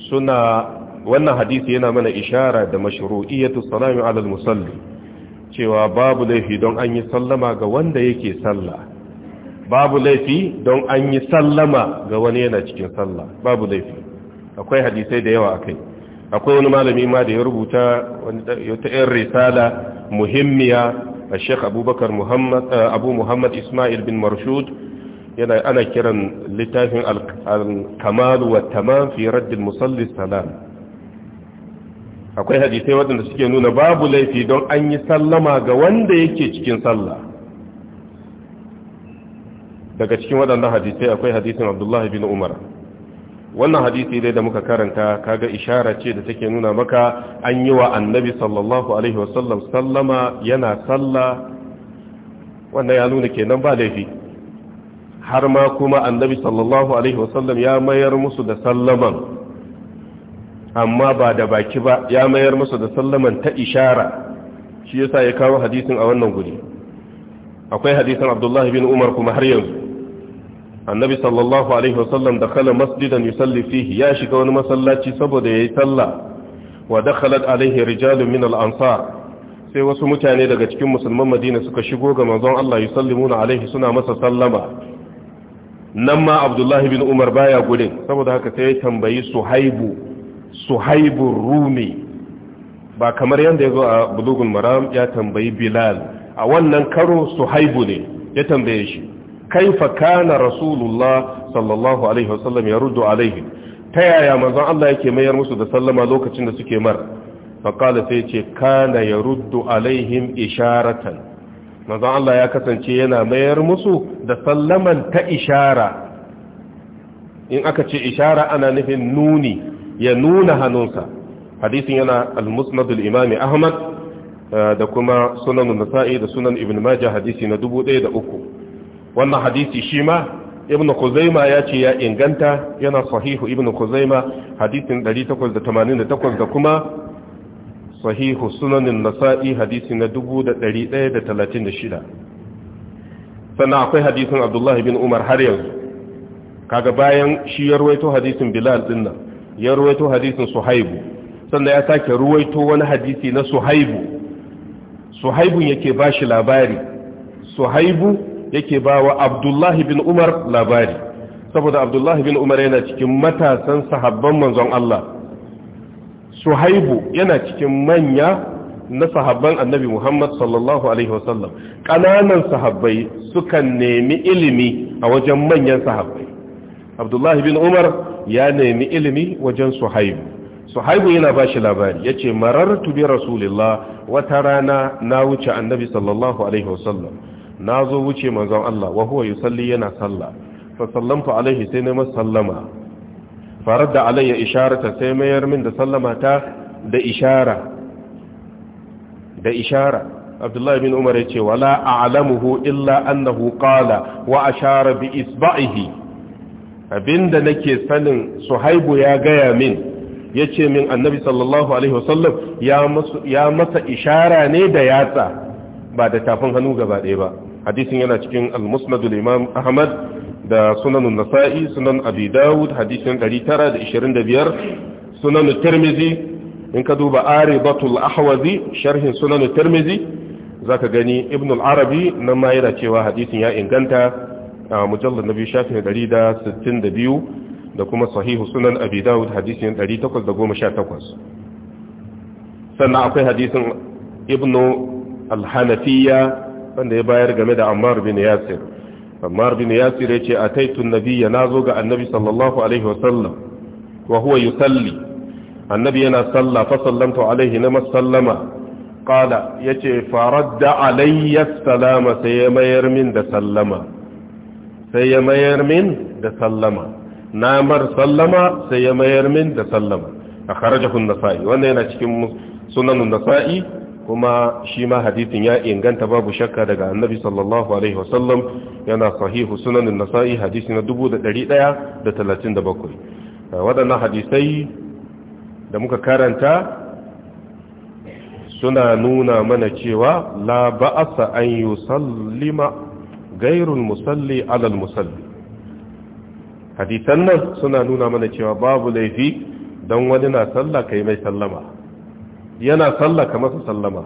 suna wannan hadisi yana mana ishara da mashru'iyatu salami alal musalli cewa babu laifi don an yi sallama ga wanda yake sallah babu laifi don an yi sallama ga wani yana cikin sallah babu laifi akwai hadisai da yawa akai akwai wani malami ma da ya rubuta wata yan risala muhimmiya a sheikh abubakar eh, abu muhammad ismail bin marshud yana ana kiran littafin al-kamalu wa tamam fi raddil musalli salam akwai hadisai waɗanda suke nuna babu laifi don an yi sallama ga wanda yake cikin sallah daga cikin waɗannan hadisai akwai hadisin abdullahi bin umar wannan hadisi dai da muka karanta kaga ishara ce da take nuna maka an yi wa annabi sallallahu alaihi wasallam sallama yana salla wannan ya nuna kenan ba laifi har ma kuma annabi sallallahu alaihi wasallam ya mayar musu da sallaman amma ba da baki ba ya mayar musu da sallaman ta ishara shi yasa ya kawo hadisin a wannan guri akwai hadisin abdullahi bin umar kuma har yanzu annabi sallallahu alaihi wasallam dakhala masjidan yusalli fihi ya shiga wani masallaci saboda yayi sallah wa dakhalat alaihi rijalun min al-ansar sai wasu mutane daga cikin musulman Madina suka shigo ga manzon Allah yusallimuna alaihi suna masa sallama nan ma Abdullahi bin Umar baya gurin saboda haka sai ya tambayi Suhaibu Suhaibu Rumi ba kamar yadda ya zo a bulugul maram ya tambayi Bilal a wannan karo Suhaibu ne ya tambaye shi kaifa kana rasulullah sallallahu alaihi wasallam ya ruddu ta yaya manzon Allah yake mayar musu da sallama lokacin da suke mar faƙala sai ce kana ya ruddu alaihim isharatan manzon Allah ya kasance yana mayar musu da sallaman ta ishara in aka ce ishara ana nufin nuni ya nuna hannunsa hadisin yana al-musnad al-imam Ahmad uh, da kuma sunan Nasa'i da sunan Ibn Majah hadisi na 1003 wannan hadisi shi ma ibn kuzaima ya ce ya inganta yana sahihu ibn kuzaima hadisin 888 da kuma sahihu sunanin nasa'i hadisi na 1136 sannan akwai hadisin abdullahi bin umar har yanzu kaga bayan shi ya ruwaito hadisin bilal dinnan, ya ruwaito hadisin suhaibu sannan ya sake ruwaito wani hadisi na suhaibu suhaibun yake shi labari suhaibu yake ba wa abdullahi bin umar labari saboda abdullahi bin umar yana cikin matasan sahabban manzon Allah suhaibu yana cikin manya na sahabban annabi muhammad sallallahu alaihi wasallam ƙananan sahabbai sukan nemi ilimi a wajen manyan sahabbai abdullahi bin umar ya nemi ilimi wajen suhaibu suhaibu yana ba shi labari ya ce marar tubi rasulillah wata rana na wuce annabi sallallahu alaihi wasallam na zo wuce manzon Allah wa huwa yusalli yana sallah fa sallamtu alaihi sai na sallama farar da alayya isharata sai mayar min da sallama ta da ishara da ishara Abdullah bin Umar ya ce wala a'lamuhu illa annahu qala wa ashara bi isba'ihi abinda nake sanin Suhaibu ya gaya min yace min Annabi sallallahu alaihi wasallam ya masa ya masa ishara ne da yatsa ba da tafin hannu gaba ɗaya ba hadisin yana cikin al-musnadul imam ahmad da sunanun nasa'i sunan abi dawud hadisin 925 sunanun tirmizi in ka duba aribatul ahwazi sharhin sunanun tirmizi zaka gani ibn al-arabi nan ma yana cewa hadisin ya inganta a mujallar nabi shafin 162 da kuma sahihu sunan abi dawud hadisin 818 sannan akwai hadisin ibn al-hanafiya wanda ya bayar game da Ammar bin Yasir Ammar bin Yasir ya ce a taitun ataitu nabiyya zo ga annabi sallallahu alaihi wasallam wa huwa yusalli annabi yana salla fa sallamtu alaihi na masallama qala yace faradda alayya salama sai ya mayar min da sallama sai ya mayar min da sallama namar sallama sai ya mayar min da sallama akhrajahu an-nasa'i wannan yana cikin sunanun nasa'i kuma shi ma hadisin ya inganta babu shakka daga annabi sallallahu alaihi wasallam yana sahihu sunanin nasa'i hadisi na 1137 waɗannan hadisai da muka karanta suna nuna mana cewa la ba'asa an yusallima gairul musalli alal musalli hadisan nan suna nuna mana cewa babu laifi don wani na sallah kai mai sallama yana sallaka masa sallama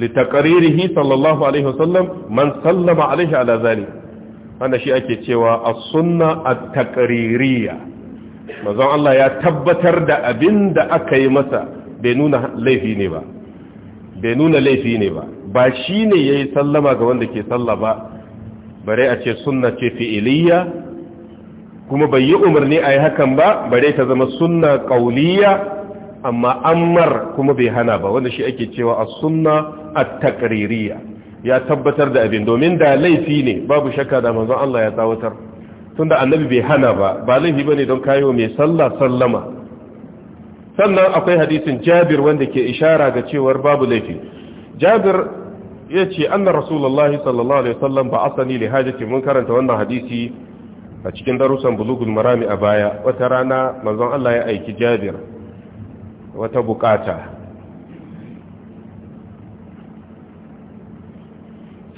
litaqaririhi sallallahu alaihi wasallam man sallama alaihi ala zalik shi ake cewa as-sunna at-taqririyya manzon Allah ya tabbatar da abin da aka yi masa bai nuna laifi ne ba bai nuna laifi ne ba ba shine yayi sallama ga wanda ke salla ba bare a ce sunna ce fi'iliyya kuma bai yi umarni a yi hakan ba bare ta zama sunna qauliyya amma ammar kuma bai hana ba wanda shi ake cewa a sunna a takaririya ya tabbatar da abin domin da laifi ne babu shakka da manzon Allah ya tsawatar tunda annabi bai hana ba ba laifi ne don kayo mai sallah sallama sannan akwai hadisin Jabir wanda ke ishara ga cewar babu laifi Jabir yace anna rasulullahi sallallahu alaihi wasallam ba asani li hajati mun karanta wannan hadisi a cikin darussan bulugul marami a baya wata rana manzon Allah ya aiki Jabir wata buƙata,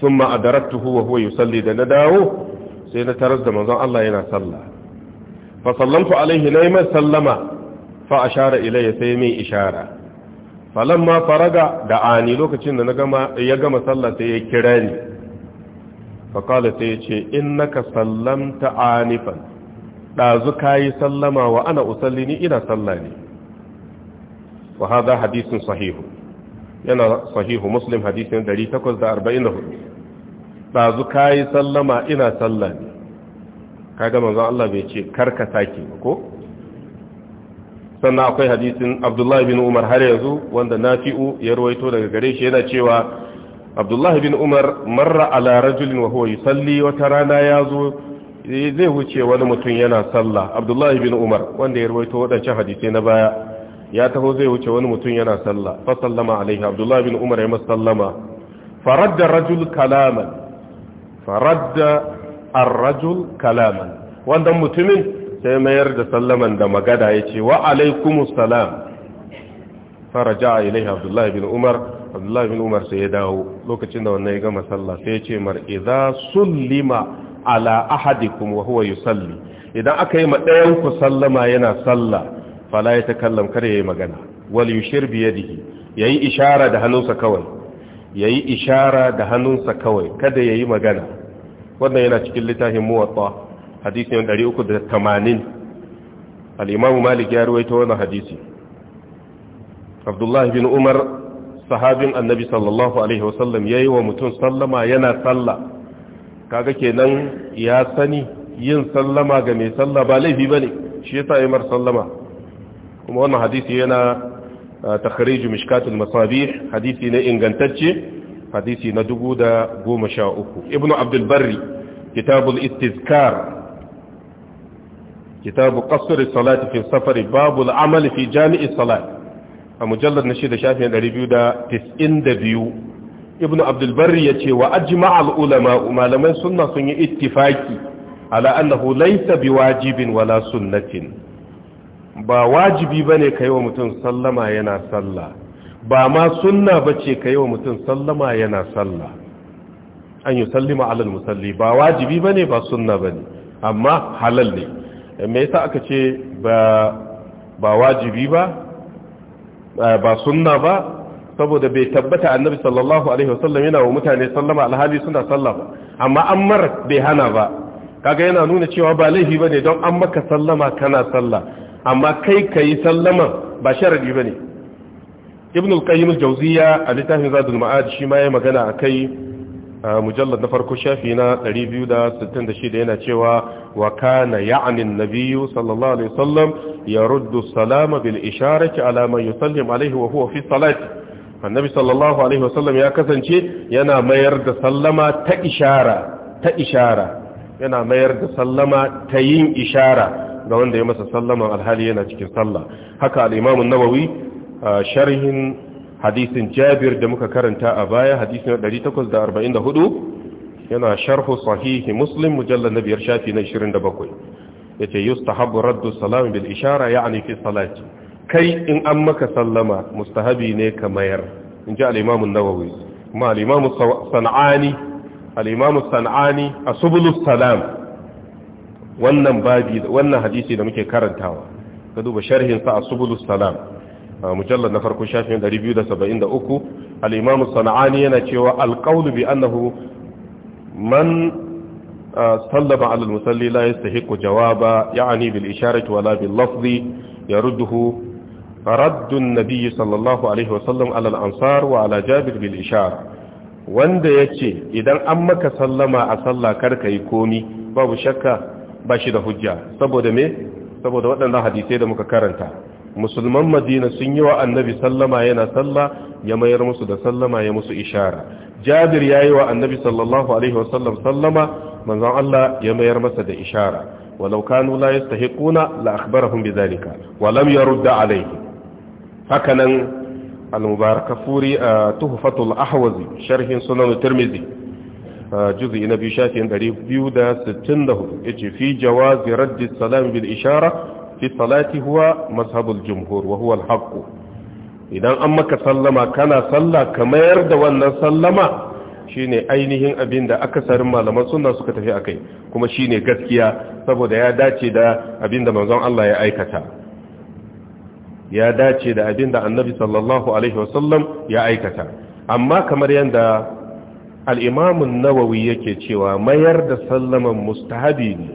sun ma'adarattu huwa huwa yi da na dawo sai na taras da manzon Allah yana salla fa sallamtu alaihi na yi mai sallama fa a share ilaya sai mai ishara falon ma faraga da ani lokacin da ya gama salla sai ya kira ni fa kala sai ce in naka sallamta anifan ɗazu ka yi sallama wa ana usalli ni ina salla ne Wahaza hadisin hadithun sahih yana sahihu muslim hadisin 844 dazu kai sallama ina sallah ne kaga manzon Allah bai ce karka sake ko sannan akwai hadisin Abdullah bin Umar har yanzu wanda Nafi'u ya ruwaito daga gare shi yana cewa Abdullah bin Umar marra ala rajulin wa huwa yusalli wata rana yazo zai wuce wani mutum yana sallah Abdullahi bin Umar wanda ya ruwaito wadancan hadisai na baya ya taho zai wuce wani mutum yana sallah fa sallama alaihi abdullahi bin umar ya sallama faradda rajul kalaman faradda ar-rajul kalaman wanda mutumin sai mayar da sallaman da magana yace wa alaikumus salam faraja ilaihi abdullahi bin umar abdullahi bin umar sai ya dawo lokacin da wannan ya gama sallah sai ya ce mar idza sullima ala ahadikum wa huwa yusalli idan aka yi ma ɗayan ku sallama yana sallah fala ya takallam kar yayi magana wal yushir bi yadihi yayi ishara da hannunsa kawai yayi ishara da hannunsa kawai kada yayi magana wannan yana cikin littafin muwatta hadisi 380 al malik ya ruwaita wannan hadisi Abdullahi bin umar sahabin annabi sallallahu alaihi wasallam yayi wa mutum sallama yana salla kaga kenan ya sani yin sallama ga mai salla ba laifi bane shi yasa yayi mar sallama kuma wannan hadisi yana takhrij mishkatul masabih hadisi ne ingantacce hadisi na 1013 ibnu abdul barri kitabul istizkar كتاب قصر الصلاة في السفر باب العمل في جامع الصلاة مجلد نشيد شافي الريبيو دا تسئن دبيو ابن عبد البر يتي وأجمع العلماء ما لمن سنة سنة اتفاكي على أنه ليس بواجب ولا سنة ba wajibi ba ne ka yi wa mutum sallama yana salla ba ma sunna ba ce ka yi wa mutum sallama yana salla an yi sallima alal musalli ba wajibi ba ne ba sunna ba ne amma halal ne me yasa aka ce ba wajibi ba eh, ba sunna ba saboda bai tabbata annabi sallallahu alaihi wasallam yana wa mutane sallama alhali suna sallah ba amma an mara bai hana ba kaga yana nuna cewa ba laifi ba ne don an maka sallama kana sallah amma kai ka yi sallama ba sharadi ba ne ibn al-qayyim al-jawziya a littafin zadul ma'ad shi ma ya magana a kai a mujallar na farko shafi na 266 yana cewa wa kana ya'ni an-nabiyyu sallallahu alaihi wasallam yaruddu salama bil isharati ala man yusallim alaihi wa huwa fi salati annabi sallallahu alaihi wasallam ya kasance yana mayar da sallama ta ishara ta ishara yana mayar da sallama ta yin ishara ga wanda ya masa sallama alhali yana cikin sallah haka al-imam an-nawawi sharhin hadisin jabir da muka karanta a baya hadisin 844 yana sharhu sahihi muslim mujallar na biyar shafi na 27 yace yustahabbu raddu salam bil ishara ya anifi salati kai in an maka sallama mustahabi ne ka mayar in ji al-imam nawawi ma al sanani al salam wannan babi wannan hadisi da muke karantawa ka duba sharhin sa asbulus salam mujallad na farko shafin 273 al-imam sana'ani yana cewa al-qawl bi annahu man sallama ala al-musalli la yastahiqu jawaba ya'ni bil isharati wala bil lafzi yarudduhu رد النبي صلى الله عليه وسلم على الأنصار وعلى جابر بالإشارة wanda ya ce idan an maka sallama a sallah karka yi komi babu shakka ba shi da hujja saboda me saboda waɗanda hadisai da muka karanta musulman madina sun yi wa annabi sallama yana salla ya mayar musu da sallama ya musu ishara jabir ya yi wa annabi sallallahu alaihi wasallam sallama manzon Allah ya mayar masa da ishara walau kanu la yastahiquna la akhbarahum bidhalika wa lam yurd alayhi hakanan al-mubarakafuri tuhfatul ahwazi sharhin sunan tirmidhi juzi na biyu shafin 264 ya ce fi jawazi raddi salam bil ishara fi salati huwa mashabul jumhur wa huwa alhaqu idan an maka sallama kana sallah ka mayar da wannan sallama shine ainihin abin da akasarin malaman sunna suka tafi akai kuma shine gaskiya saboda ya dace da abin da manzon Allah ya aikata ya dace da abin da annabi sallallahu alaihi wasallam ya aikata amma kamar yanda al'imamun nawawi yake cewa mayar da sallaman mustahabi ne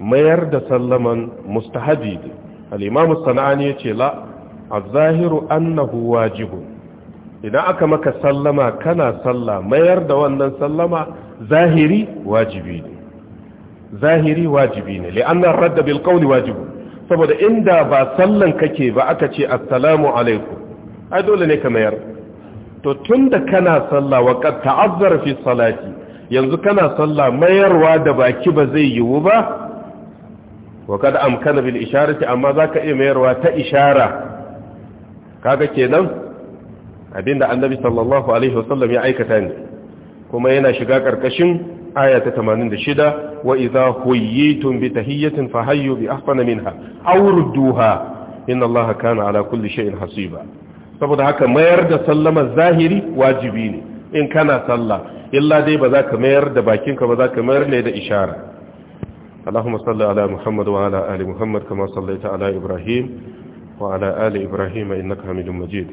mayar da sallaman mustahabi ne al'imamun sana'ani ya ce la a zahiru annahu wajibu idan aka maka sallama kana salla mayar da wannan sallama zahiri wajibi ne zahiri wajibi ne li'annar radda bilkauni wajibu saboda inda ba sallan kake ba aka ce assalamu alaikum ai dole ne ka mayar to tunda kana sallah wa qad ta'azzara fi salati yanzu kana sallah mayarwa da baki ba zai yiwu ba wa qad amkana bil isharati amma zaka iya mayarwa ta ishara kaga kenan abinda annabi sallallahu alaihi wasallam ya aikata ne kuma yana shiga karkashin aya ta 86 wa idza huyitum bi tahiyyatin fahayyu bi ahsana minha aw rudduha inna allaha kana ala kulli shay'in hasiba saboda haka mayar da sallama zahiri wajibi ne in kana sallah illa dai ba za ka mayar da bakinka ba za ka mayar ne da ishara Allahumma salli ala Muhammad wa ala ali Muhammad kama sallaita ala Ibrahim wa ala ali Ibrahim innaka Hamidum Majid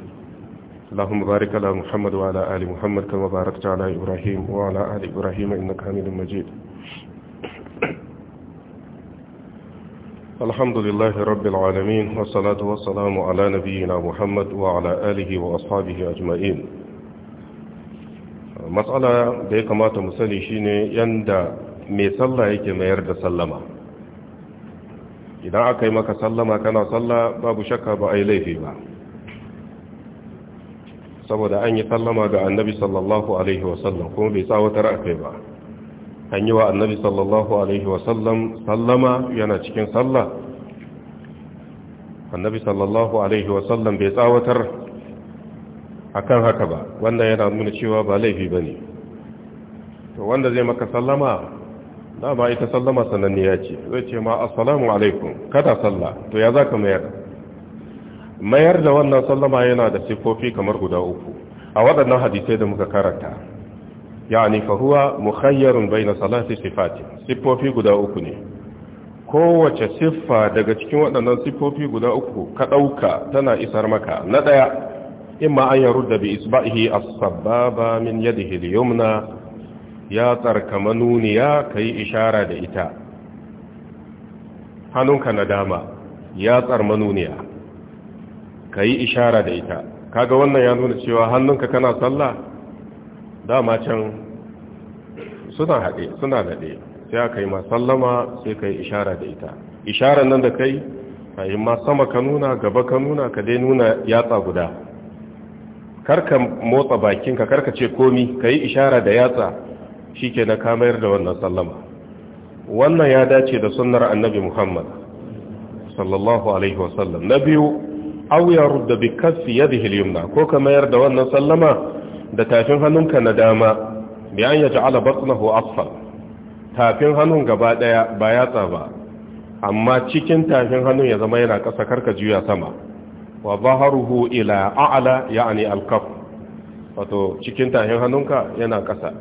اللهم بارك على محمد وعلى آل محمد كما باركت على الحمد لله رب العالمين والصلاة والسلام على نبينا محمد وعلى آله وأصحابه أجمعين matsala da ya kamata mu sani shine yanda mai sallah yake mayar da sallama idan aka yi maka sallama kana sallah babu shakka ba a yi laifi ba saboda an yi sallama ga annabi sallallahu alaihi wasallam kuma bai tsawatar a kai ba an yi wa annabi sallallahu alaihi wasallam sallama yana cikin sallah annabi sallallahu alaihi wasallam bai tsawatar a kan haka ba wanda yana nuna cewa ba laifi ba ne to wanda zai maka sallama dama ita sallama sananniya ce zai ce ma assalamu alaikum kada sallah to ya za ka mayar mayar da wannan sallama yana da siffofi kamar guda uku a waɗannan hadisai da muka karanta yani fa huwa mukhayyarun bayna salati sifati sifofi guda uku ne kowace siffa daga cikin waɗannan sifofi guda uku ka ɗauka tana isar maka na ɗaya imma an yarudda bi isba'ihi as-sababa min yadihi al-yumna ya tsarka manuniya kai ishara da ita hannunka na dama ya tsar manuniya kai ishara da ita kaga wannan ya nuna cewa hannunka kana sallah dama can suna haɗe suna daɗe sai aka yi masallama sai ka yi ishara da ita Ishara nan da kai a yi sama ka nuna gaba ka nuna ka dai nuna yatsa guda karka motsa bakinka karka ce komi ka yi ishara da yatsa shi ke na kamayar da wannan sallama wannan ya dace da sunnar annabi muhammad sallallahu alaihi wasallam na biyu auyar da bi kafi yadda hilimna ko ka mayar da wannan sallama da tafin hannunka na dama bi an yaj'ala batnahu asfal tafin hannun gaba daya ba yatsa ba amma cikin tafin hannun ya zama yana ƙasa karka juya sama wa zaharuhu ila a'la ya'ni alkaf wato cikin tafin hannunka yana ƙasa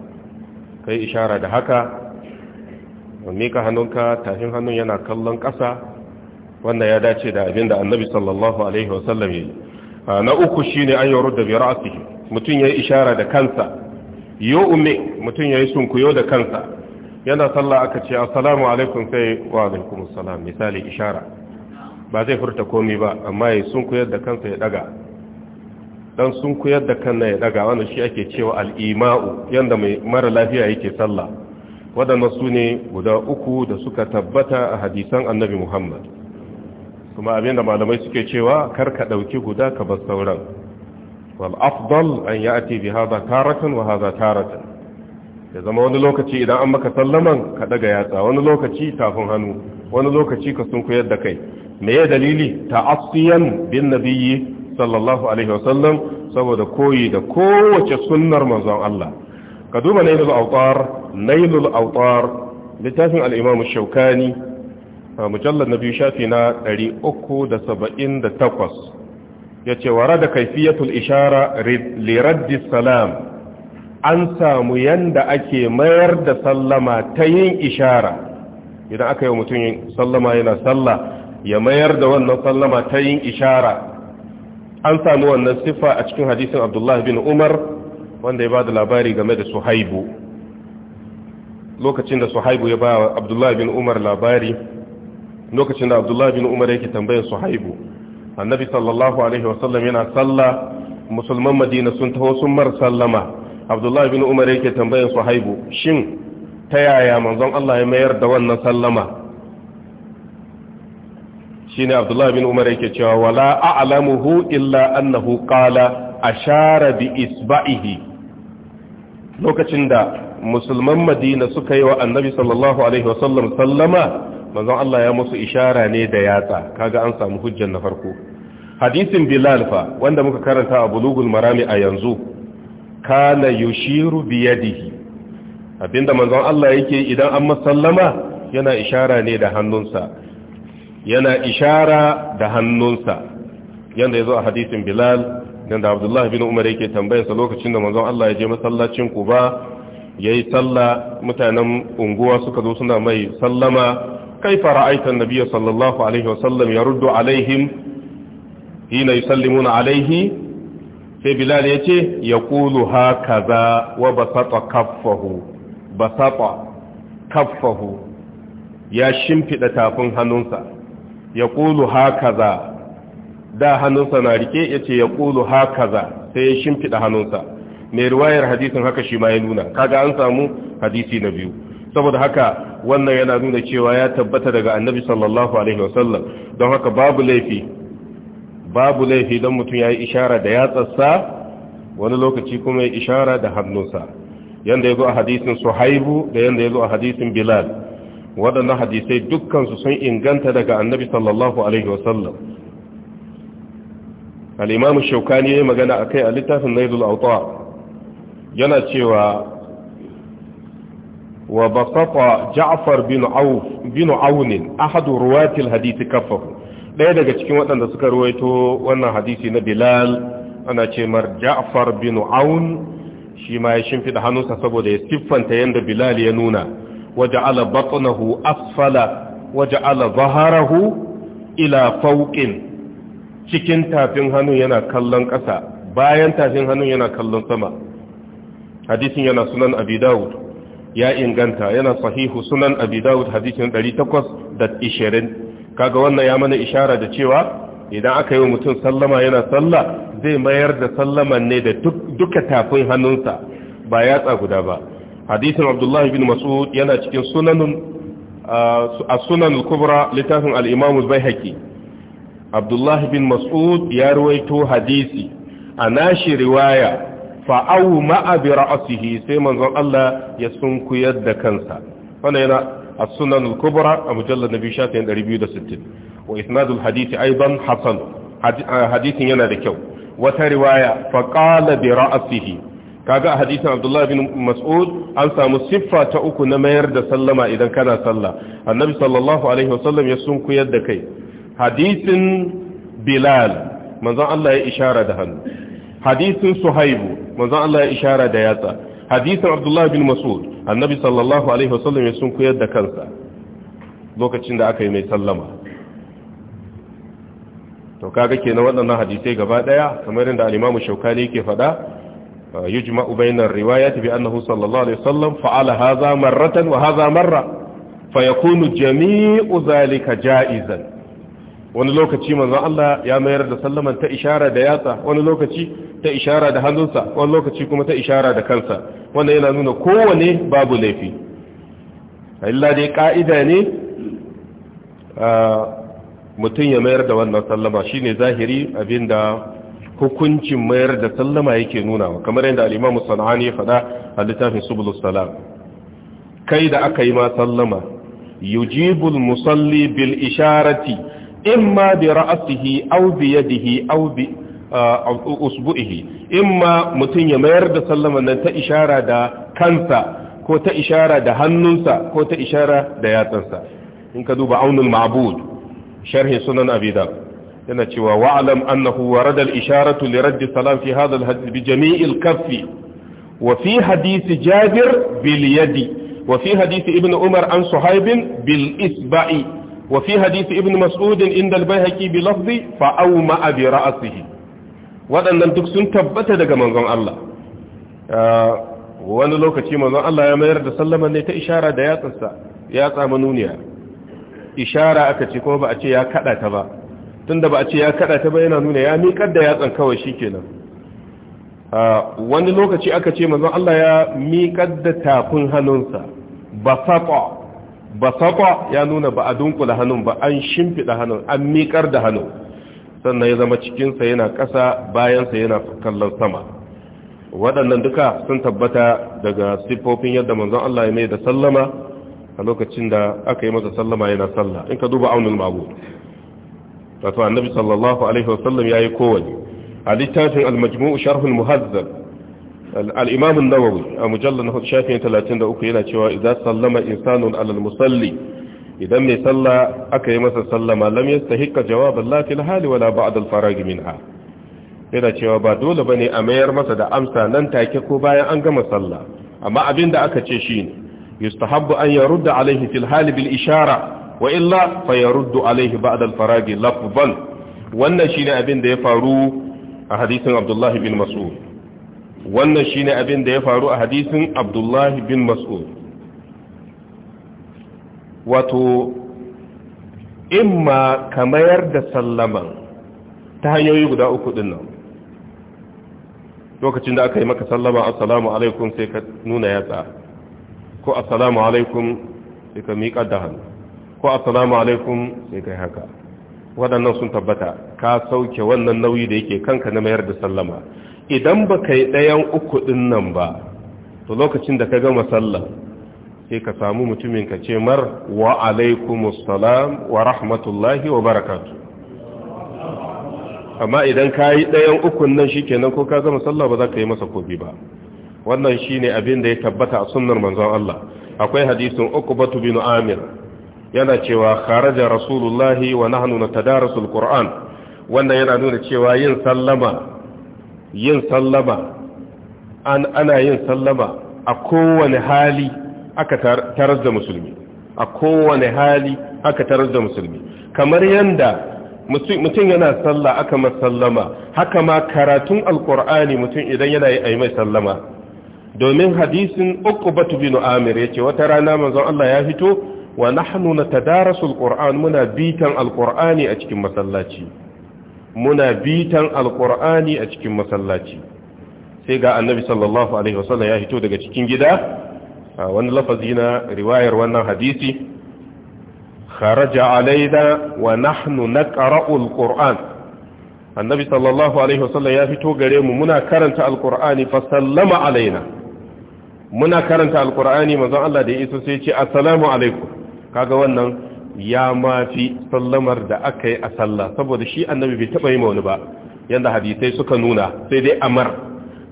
kai ishara da haka mika hannunka tafin hannun yana kallon ƙasa wannan ya dace da abin da annabi sallallahu alaihi wasallam yi ah, na uku shine an yaro da bi ra'sihi mutum ya yi ishara da kansa yo ume mutum ya yi sunkuyo da kansa yana sallah aka ce assalamu alaikum sai wa alaikum assalam misali ishara ba zai furta komai ba amma ya sunkuyar da kansa ya daga dan sunkuyar da kanna ya daga wannan shi ake cewa al-ima'u yanda mai mara lafiya yake sallah waɗanda su ne guda uku da suka tabbata a hadisan annabi Muhammad kuma abinda malamai suke cewa kar ka ɗauki guda ka bar sauran والأفضل أن يأتي بهذا تارة وهذا تارة ya zama wani lokaci idan an maka sallaman ka daga yatsa wani lokaci tafin hannu wani lokaci ka sun koyar da kai me ya dalili ta'assiyan bin nabiyyi sallallahu alaihi wasallam saboda koyi da kowace sunnar manzon Allah ka duba nailul awtar nailul awtar littafin al-imam shaukani mujallad nabi shafi na 378 yace warada kaifiyatul ishara li raddi salam an samu yanda ake mayar da sallama ta yin ishara idan aka yi mutum yin sallama yana sallah ya mayar da wannan sallama ta yin ishara an samu wannan siffa a cikin hadisin abdullahi bin umar wanda ya ba da labari game da suhaibu lokacin da suhaibu ya ba abdullahi bin umar labari lokacin da abdullahi bin umar yake tambayar suhaibu annabi sallallahu alaihi wasallam yana salla musulman madina sun taho sun mar sallama abdullahi bin umar yake tambayan su haibu shin ta yaya manzon Allah ya mayar da wannan sallama shine abdullahi bin umar yake cewa wala a'lamuhu illa annahu qala ashara bi isba'ihi lokacin da musulman madina suka yi wa annabi sallallahu alaihi wasallam sallama manzon Allah ya musu ishara ne da yatsa kaga an samu hujjan na farko hadisin bilal fa wanda muka karanta a bulugul marami a yanzu kana yushiru biyadihi. abinda manzon Allah yake idan an masallama yana ishara ne da hannunsa yana ishara da hannunsa yanda yazo a hadisin bilal yanda abdullahi bin umar yake tambayar sa lokacin da manzon Allah ya je masallacin kuba yayi sallah mutanen unguwa suka zo suna mai sallama كيف رأيت النبي صلى الله عليه وسلم يرد عليهم حين يسلمون عليه sai bilal ya ce ya ƙulu haka wa basata kaffahu basata kaffahu ya shimfiɗa tafin hannunsa da hannunsa na rike ya ce ya ƙulu haka za sai ya shimfiɗa hannunsa mai riwayar hadisin haka shi ma ya nuna kaga an samu hadisi na biyu saboda haka wannan yana nuna cewa ya tabbata daga annabi sallallahu alaihi wasallam don haka babu laifi babu laifi don mutum ya yi ishara da yatsarsa wani lokaci kuma ya ishara da hannunsa yanda ya zo a hadisin suhaibu da yanda ya zo a hadisin bilal waɗannan hadisai dukkansu sun inganta daga annabi sallallahu alaihi wasallam al'imamu shaukani ya yi magana a kai a littafin nailul auta yana cewa وبسط جعفر بن عوف بن عون أحد رواة الحديث كفه ɗaya daga cikin waɗanda suka ruwaito wannan hadisi na bilal ana ce mar ja'far bin aun shi ma ya shimfiɗa hannunsa saboda ya siffanta yadda bilal ya nuna waje ala batsunahu asfala waje zaharahu ila fauƙin cikin tafin hannu yana kallon ƙasa bayan tafin hannun yana kallon sama hadisin yana sunan abi dawud ya inganta yana sahihu sunan abi dawud hadisin 820 kaga wannan ya mana ishara da cewa idan aka yi mutum sallama yana sallah zai mayar da sallaman ne da duka tafin hannunsa ba yatsa guda ba hadisin abdullahi bin mas'ud yana cikin sunanin, a sunan al-kubra littafin al-imam al-baihaqi abdullahi bin mas'ud ya ruwaito hadisi a nashi riwaya fa'au ma'a bi ra'asihi sai manzon Allah ya sunkuyar da kansa wannan yana a sunan al-kubra a mujallad nabi shafin 260 wa isnadul hadisi aidan Hassan hadisin yana da kyau wata riwaya fa qala bi ra'asihi kaga a hadisin Abdullahi bin Mas'ud an samu siffa ta uku na mayar da sallama idan kana sallah annabi sallallahu alaihi wasallam ya sunkuyar da kai Hadithin Bilal manzon Allah ya ishara da hannu Hadithin Suhaibu manzon Allah ya ishara da yatsa hadisin Abdullahi bin Mas'ud annabi sallallahu alaihi wasallam ya sun koyar da kansa lokacin da aka yi mai sallama to kaga kenan waɗannan hadisai gaba daya kamar yadda al-Imam Shawkani yake faɗa ah, yujma'u bainar riwayat bi annahu sallallahu alaihi wasallam fa'ala hadha marratan wa hadha marra yakunu jami'u zalika ja'izan wani lokaci manzon Allah ya mayar da sallaman ta ishara da yatsa wani lokaci ta ishara da hannunsa wani lokaci kuma ta ishara da kansa wannan yana nuna kowane babu laifi illa dai ka'ida ne mutum ya mayar da wannan sallama shine zahiri abin da hukuncin mayar da sallama yake nunawa kamar yadda al-Imam ya faɗa a littafin Subulus Salam kai da aka yi ma sallama yujibul musalli bil isharati imma bi ra'asihi aw bi yadihi aw bi uh, usbu'ihi imma mutum ya mayar da sallama nan ta ishara da kansa ko ta ishara da hannunsa ko ta ishara da yatsansa in ka duba aunul ma'bud sharhi sunan abida yana cewa wa'lam annahu warada al-isharatu li radd salam fi hadha al-hadith bi jami' al-kaffi wa fi hadith jabir bil yadi wa fi hadith ibn umar an suhaibin bil isba'i وفي حديث ابن مسعود عند البيهقي بلفظ فأومأ برأسه waɗannan duk sun tabbata daga manzon Allah wani lokaci manzon Allah ya mayar da sallama ne ta ishara da yatsansa ya tsama nuniya ishara aka ce kuma ba a ce ya kada ta ba tunda ba a ce ya kada ta ba yana nuna ya miƙar da yatsan kawai shikenan wani lokaci aka ce manzon Allah ya miƙar da tafin hannunsa ba faqa basata ya nuna ba a dunkula hannun ba an shimfiɗa hannun an miƙar da hannun sannan ya zama cikinsa yana ƙasa bayansa yana kallon sama waɗannan duka sun tabbata daga siffofin yadda manzon Allah ya mai da sallama a lokacin da aka yi masa sallama yana sallah in ka duba aunul mabu wato annabi sallallahu alaihi wasallam yi kowani a littafin al-majmu' sharh muhazzab al-imam an-nawawi a mujallal na shafin 33 yana cewa idan sallama insanun alal idan mai sallah aka yi masa sallama lam yastahiqqa jawaban la fil hali wala ba'da al yana cewa ba dole ba ne a mayar masa da amsa nan take ko bayan an gama sallah amma abin da aka ce shine yustahabbu an yarudda alaihi fil hali bil ishara wa illa fa yaruddu alaihi ba'da al-farag lafzan wannan shine abin da ya faru a hadisin abdullahi bin Mas'ud wannan shi ne abin da ya faru a hadisin abdullahi bin mas'ud wato imma kamayar da sallaman ta hanyoyi guda uku din nan lokacin da aka yi maka sallama assalamu alaikum sai ka nuna yatsa ko assalamu alaikum sai ka miƙa da hannu ko assalamu alaikum sai ka yi haka waɗannan sun tabbata ka sauke wannan nauyi da yake kanka na mayar da sallama idan ba ka yi ɗayan uku ɗin nan ba to lokacin da ka gama sallah sai ka samu mutumin ka ce mar wa alaikumussalam wa rahmatullahi wa barakatu amma idan ka yi ɗayan ukun nan shi kenan ko ka gama sallah ba za ka yi masa kobi ba wannan shi ne abin da ya tabbata a sunnar manzon Allah akwai hadisin batu bin amir yana cewa kharaja rasulullahi wa nahnu natadarasul qur'an wannan yana nuna cewa yin sallama yin sallama ana yin sallama a kowane hali aka tarar da musulmi a kowane hali aka tarar da musulmi kamar yanda mutum yana sallah aka masallama haka ma karatun alkur'ani mutum idan yana yi mai sallama domin hadisin batu bin amir ce, wata rana manzon Allah ya fito wa nahnu natadarasu alquran muna bitan alqurani a cikin masallaci muna bitan alkur'ani a cikin masallaci sai ga annabi sallallahu alaihi wasallam ya hito daga cikin gida wani lafazi na riwayar wannan hadisi kharaja alaina wa nahnu naqra'u alquran annabi sallallahu alaihi wasallam ya fito gare mu muna karanta alqur'ani fa sallama alaina muna karanta alqur'ani manzon Allah da ya sai ya ce assalamu alaikum kaga wannan ya mafi sallamar da aka yi a sallah saboda shi annabi bai taɓa yi wani ba yadda hadisai suka nuna sai dai amar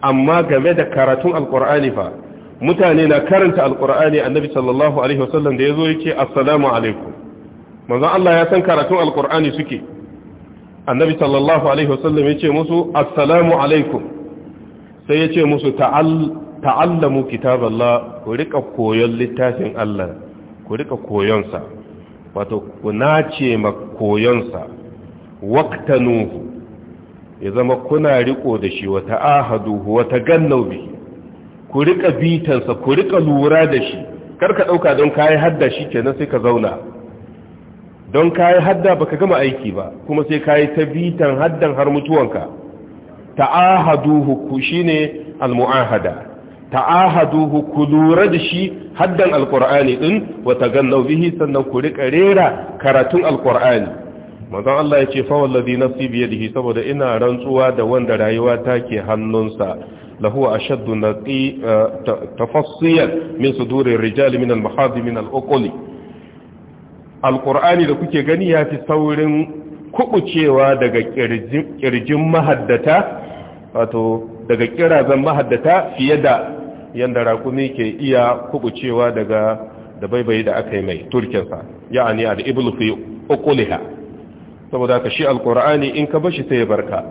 amma game da karatun alkur'ani fa mutane na karanta alkur'ani annabi sallallahu alaihi wasallam da ya zo yake assalamu alaikum manzon Allah ya san karatun alkur'ani suke annabi sallallahu alaihi wasallam ya ce musu assalamu alaikum sai ya ce musu ta'allamu kitaballah ku rika koyon littafin Allah ku rika koyon sa wato ku nace ma koyonsa Nuhu, ya zama kuna riko da shi wata ahadu wata gannau bi ku rika bitansa ku rika lura da shi kar ka dauka don kayi hadda shi kenan sai ka zauna don kayi hadda baka gama aiki ba kuma sai kayi ta bitan haddan har mutuwanka ta'ahaduhu ku shine almu'ahada ta'ahaduhu ku lura da shi haddan alqur'ani ɗin wa tagallaw bihi sannan ku rika rera karatun alqur'ani manzon Allah ce fa wallazi nafsi bi yadihi saboda ina rantsuwa da wanda rayuwa take hannunsa lahu ashaddu naqi eh, tafassiyan min suduri rijal min al-mahadi min al-uquli da kuke gani ya fi saurin kubucewa daga kirjin mahaddata wato daga kirazan mahaddata fiye da yadda rakumi ke iya kubucewa daga da da aka yi mai turkinsa ya'ani al-iblu fi uquliha saboda ka shi alqur'ani in ka bashi sai ya barka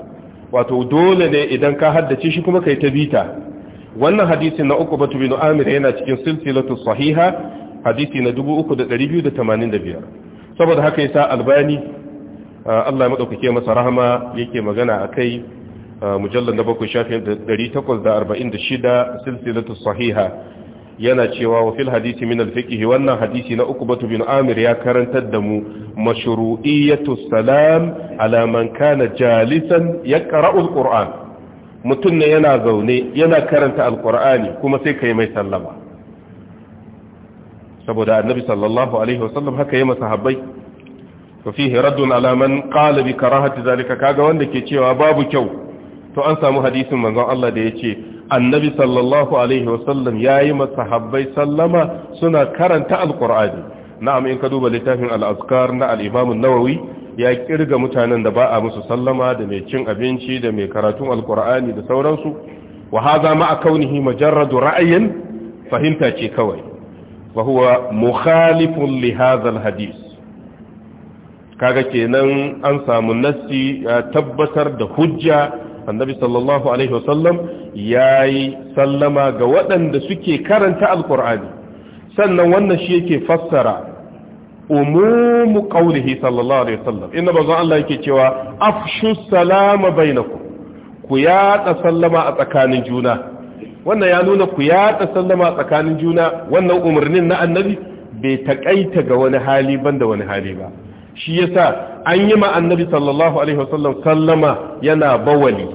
wato dole ne idan ka haddace shi kuma kai ta bita wannan hadisi na uku batu bin amir yana cikin silsilatu sahiha hadisi na 3285 saboda haka yasa albani Allah ya madaukake masa rahama yake magana kai. mujallar na bakwai shafin 846 silsilatu sahiha yana cewa wa fil hadisi min al wannan hadisi na Uqbah bin Amir ya karantar da mu mashru'iyatu salam ala man kana jalisan yaqra'u al mutun ne yana zaune yana karanta al kuma sai kai mai sallama saboda annabi sallallahu alaihi wasallam haka yayi sahabbai fa fihi raddun ala man qala bi karahati zalika kaga wanda ke cewa babu kyau to an samu hadisin manzon Allah da ce annabi sallallahu alaihi wasallam yayi masahabbai sallama suna karanta alqur'ani na'am in ka duba littafin al-azkar na al-imam an-nawawi ya kirga mutanen da ba a musu sallama da mai cin abinci da mai karatun alqur'ani da sauransu wa hadha ma'a kaunihi mujarradu ra'yin fahimta ce kawai fa huwa mukhalifun li hadha al-hadith kaga kenan an samu nassi ya tabbatar da hujja annabi sallallahu alaihi wasallam ya yi sallama ga waɗanda suke karanta alkur'ani sannan wannan shi yake fassara umumu qaulihi sallallahu alaihi wasallam inna bazan Allah yake cewa afshu salama bainakum ku yaɗa sallama a tsakanin juna wannan ya nuna ku yaɗa sallama a tsakanin juna wannan umarnin na annabi bai taƙaita ga wani hali da wani hali ba shi yasa an yi ma annabi sallallahu alaihi wasallam sallama yana bawali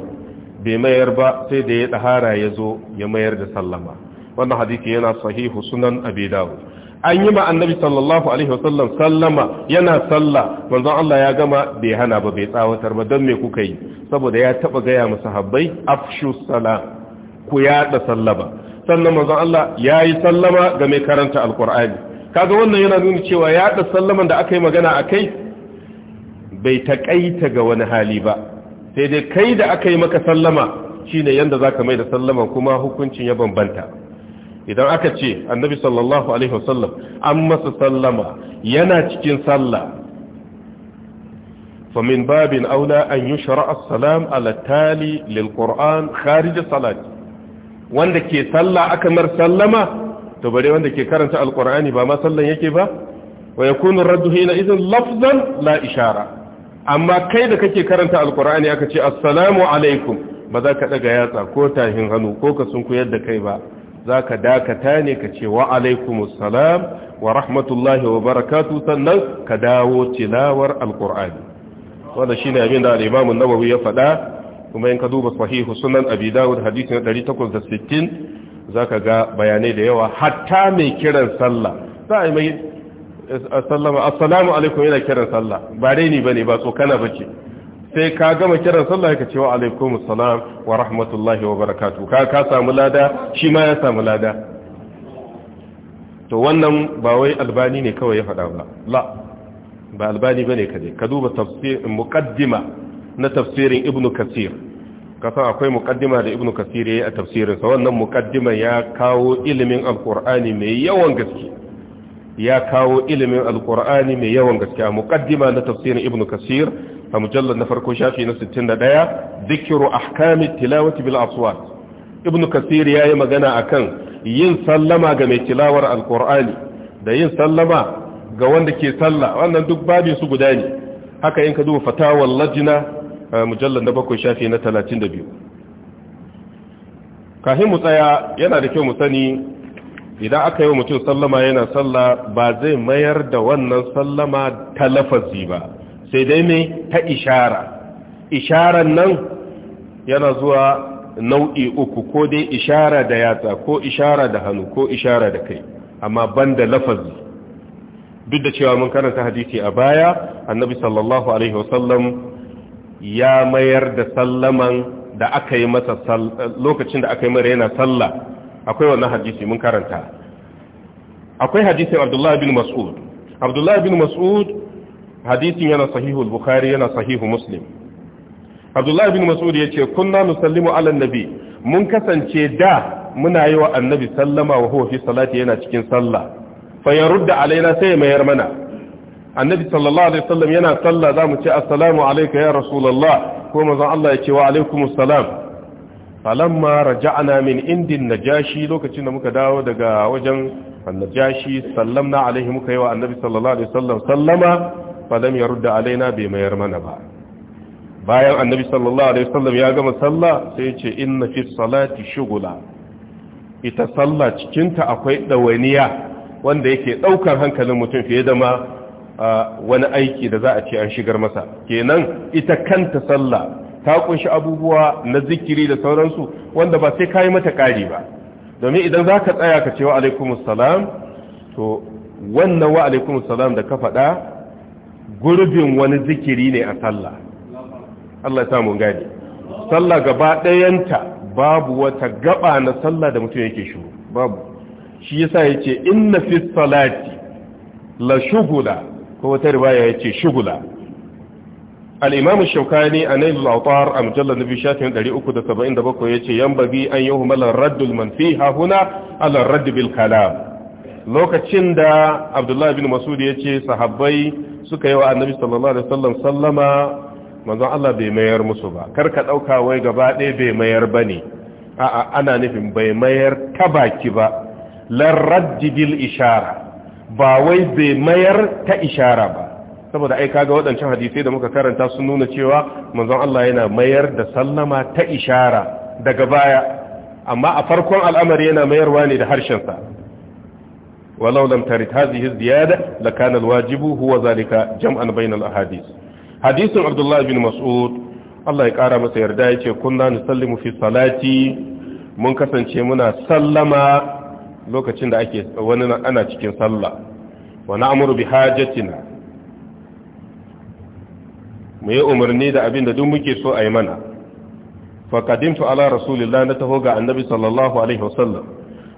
bai mayar ba sai da ya dahara ya zo ya mayar da sallama wannan hadisi yana sahihu sunan abi dawud an yi ma annabi sallallahu alaihi wasallam sallama yana sallah manzon Allah ya gama bai hana ba bai tsawatar ba don me kuka yi saboda ya taba gaya masa habbai afshu sala ku yada sallama sannan manzon Allah yayi sallama ga mai karanta alqur'ani kaga wannan yana nuna cewa yaɗa sallaman da aka yi magana a kai bai taƙaita ga wani hali ba sai dai kai da aka yi maka sallama shine yanda za ka mai da sallama kuma hukuncin ya bambanta idan aka ce annabi sallallahu alaihi wasallam an masa sallama yana cikin sallah famin babin aula an yi shara'ar salam ala lil ƙor'an kharij salati wanda ke sallah aka mar sallama to bare wanda ke karanta alqur'ani ba ma sallan yake ba wa yakunu raddu hina idan lafzan la ishara amma kai da kake karanta alqur'ani aka ce assalamu alaikum ba za ka daga yatsa ko tahin hannu ko ka sunkuyar da kai ba za ka dakata ne ka ce wa alaikumussalam wa rahmatullahi wa barakatu sannan ka dawo tilawar alkur'ani wanda shine abin da al-Imam nawawi ya faɗa kuma in ka duba sahihu sunan Abi Dawud hadisi na 860 za ka ga bayanai da yawa hatta mai kiran sallah za a yi mai sallama asalamu alaikum yana kiran sallah ba dai ni ne ba tsokana ba ce sai ka gama kiran sallah ka ce wa alaikum assalam wa rahmatullahi wa barakatu ka ka samu lada shi ma ya samu lada to wannan ba wai albani ne kawai ya faɗa ba la ba albani bane kaje ka duba tafsirin muqaddima na tafsirin ibnu kasir kasan akwai muƙaddima da ibnu kasir yi a tafsirinsa wannan mukaddima ya kawo ilimin Alƙur'ani mai yawan gaske ya kawo ilimin Alƙur'ani mai yawan gaske a mukaddima na tafsirin ibnu kasir a mujallar na farko shafi na 61 dhikru ahkami tilawati bil aswat ibnu kasir yayi magana akan yin sallama ga mai tilawar Alƙur'ani da yin sallama ga wanda ke sallah wannan duk babin su guda ne haka in ka duba fatawar lajina. mujallar na bakwai shafi na talatin da biyu kafin mu tsaya yana da kyau mu sani idan aka yi wa mutum sallama yana sallah ba zai mayar da wannan sallama ta lafazi ba sai dai ne ta ishara isharan nan yana zuwa nau'i uku ko dai ishara da yatsa ko ishara da hannu ko ishara da kai amma banda lafazi duk da cewa mun karanta hadisi a baya annabi sallallahu alaihi wasallam ya mayar da sallaman da aka yi masa lokacin da aka yi mara yana sallah akwai wannan hadisi mun karanta akwai hadisin abdullahi bin mas'ud abdullahi bin mas'ud hadisin yana sahihu bukhari yana sahihu muslim abdullahi bin mas'ud ya ce kunna nusallimu ala nabi mun kasance da muna yi wa annabi sallama wa huwa fi salati yana cikin sallah fa yarudda alaina sai ya mayar mana annabi sallallahu alaihi wasallam yana sallah zamu ce assalamu alayka ya rasulullah ko manzon Allah ya ce wa alaikumus salam falamma raja'na min indin najashi lokacin da muka dawo daga wajen annajashi sallamna alaihi muka yi wa annabi sallallahu alaihi wasallam sallama falam yarudda alaina bai mayar mana ba bayan annabi sallallahu alaihi wasallam ya gama sallah sai ya ce inna fi salati shugula ita sallah cikinta akwai dawaniya wanda yake daukar hankalin mutum fiye da ma wani aiki da za a ce an shigar masa kenan ita kanta sallah ta kunshi abubuwa na zikiri da sauransu wanda ba sai kayi mata ƙari ba domin idan za ka tsaya ka ce wa alaikumussalam to wannan wa alaikumussalam da ka faɗa gurbin wani zikiri ne a sallah Allah ya samu gani sallah gaba ɗayanta babu wata gaba na sallah da mutum yake shiru babu shi yasa yace inna fi salati la shugula ko wata riwaya ya ce shugula al'imamu shaukani a nailul autar a mujallar na bishafin 377 ya ce yan babi an yi humalar raddul manfi hahuna alar raddubil kalam lokacin da abdullahi bin masud ya ce sahabbai suka yi wa annabi sallallahu alaihi wasallam sallama manzon Allah bai mayar musu ba kar ka dauka wai gaba ɗaya bai mayar bane a'a ana nufin bai mayar ta baki ba lar raddubil ishara ba wai bai mayar ta ishara ba saboda ai kaga waɗancan hadisai da muka karanta sun nuna cewa manzon Allah yana mayar da sallama ta ishara daga baya amma a farkon al'amari yana mayarwa ne da sa walau lam tarit hadhihi ziyada lakana alwajibu huwa zalika jam'an bayna alahadith hadithun Abdullah ibn Mas'ud Allah ya kara masa yarda yace kunna nusallimu fi salati mun kasance muna sallama lokacin da ake wani ana cikin sallah wa na'muru bi hajatina mu yi umarni da abin da duk muke so a yi mana fa qadimtu ala rasulillah na taho ga annabi sallallahu alaihi wasallam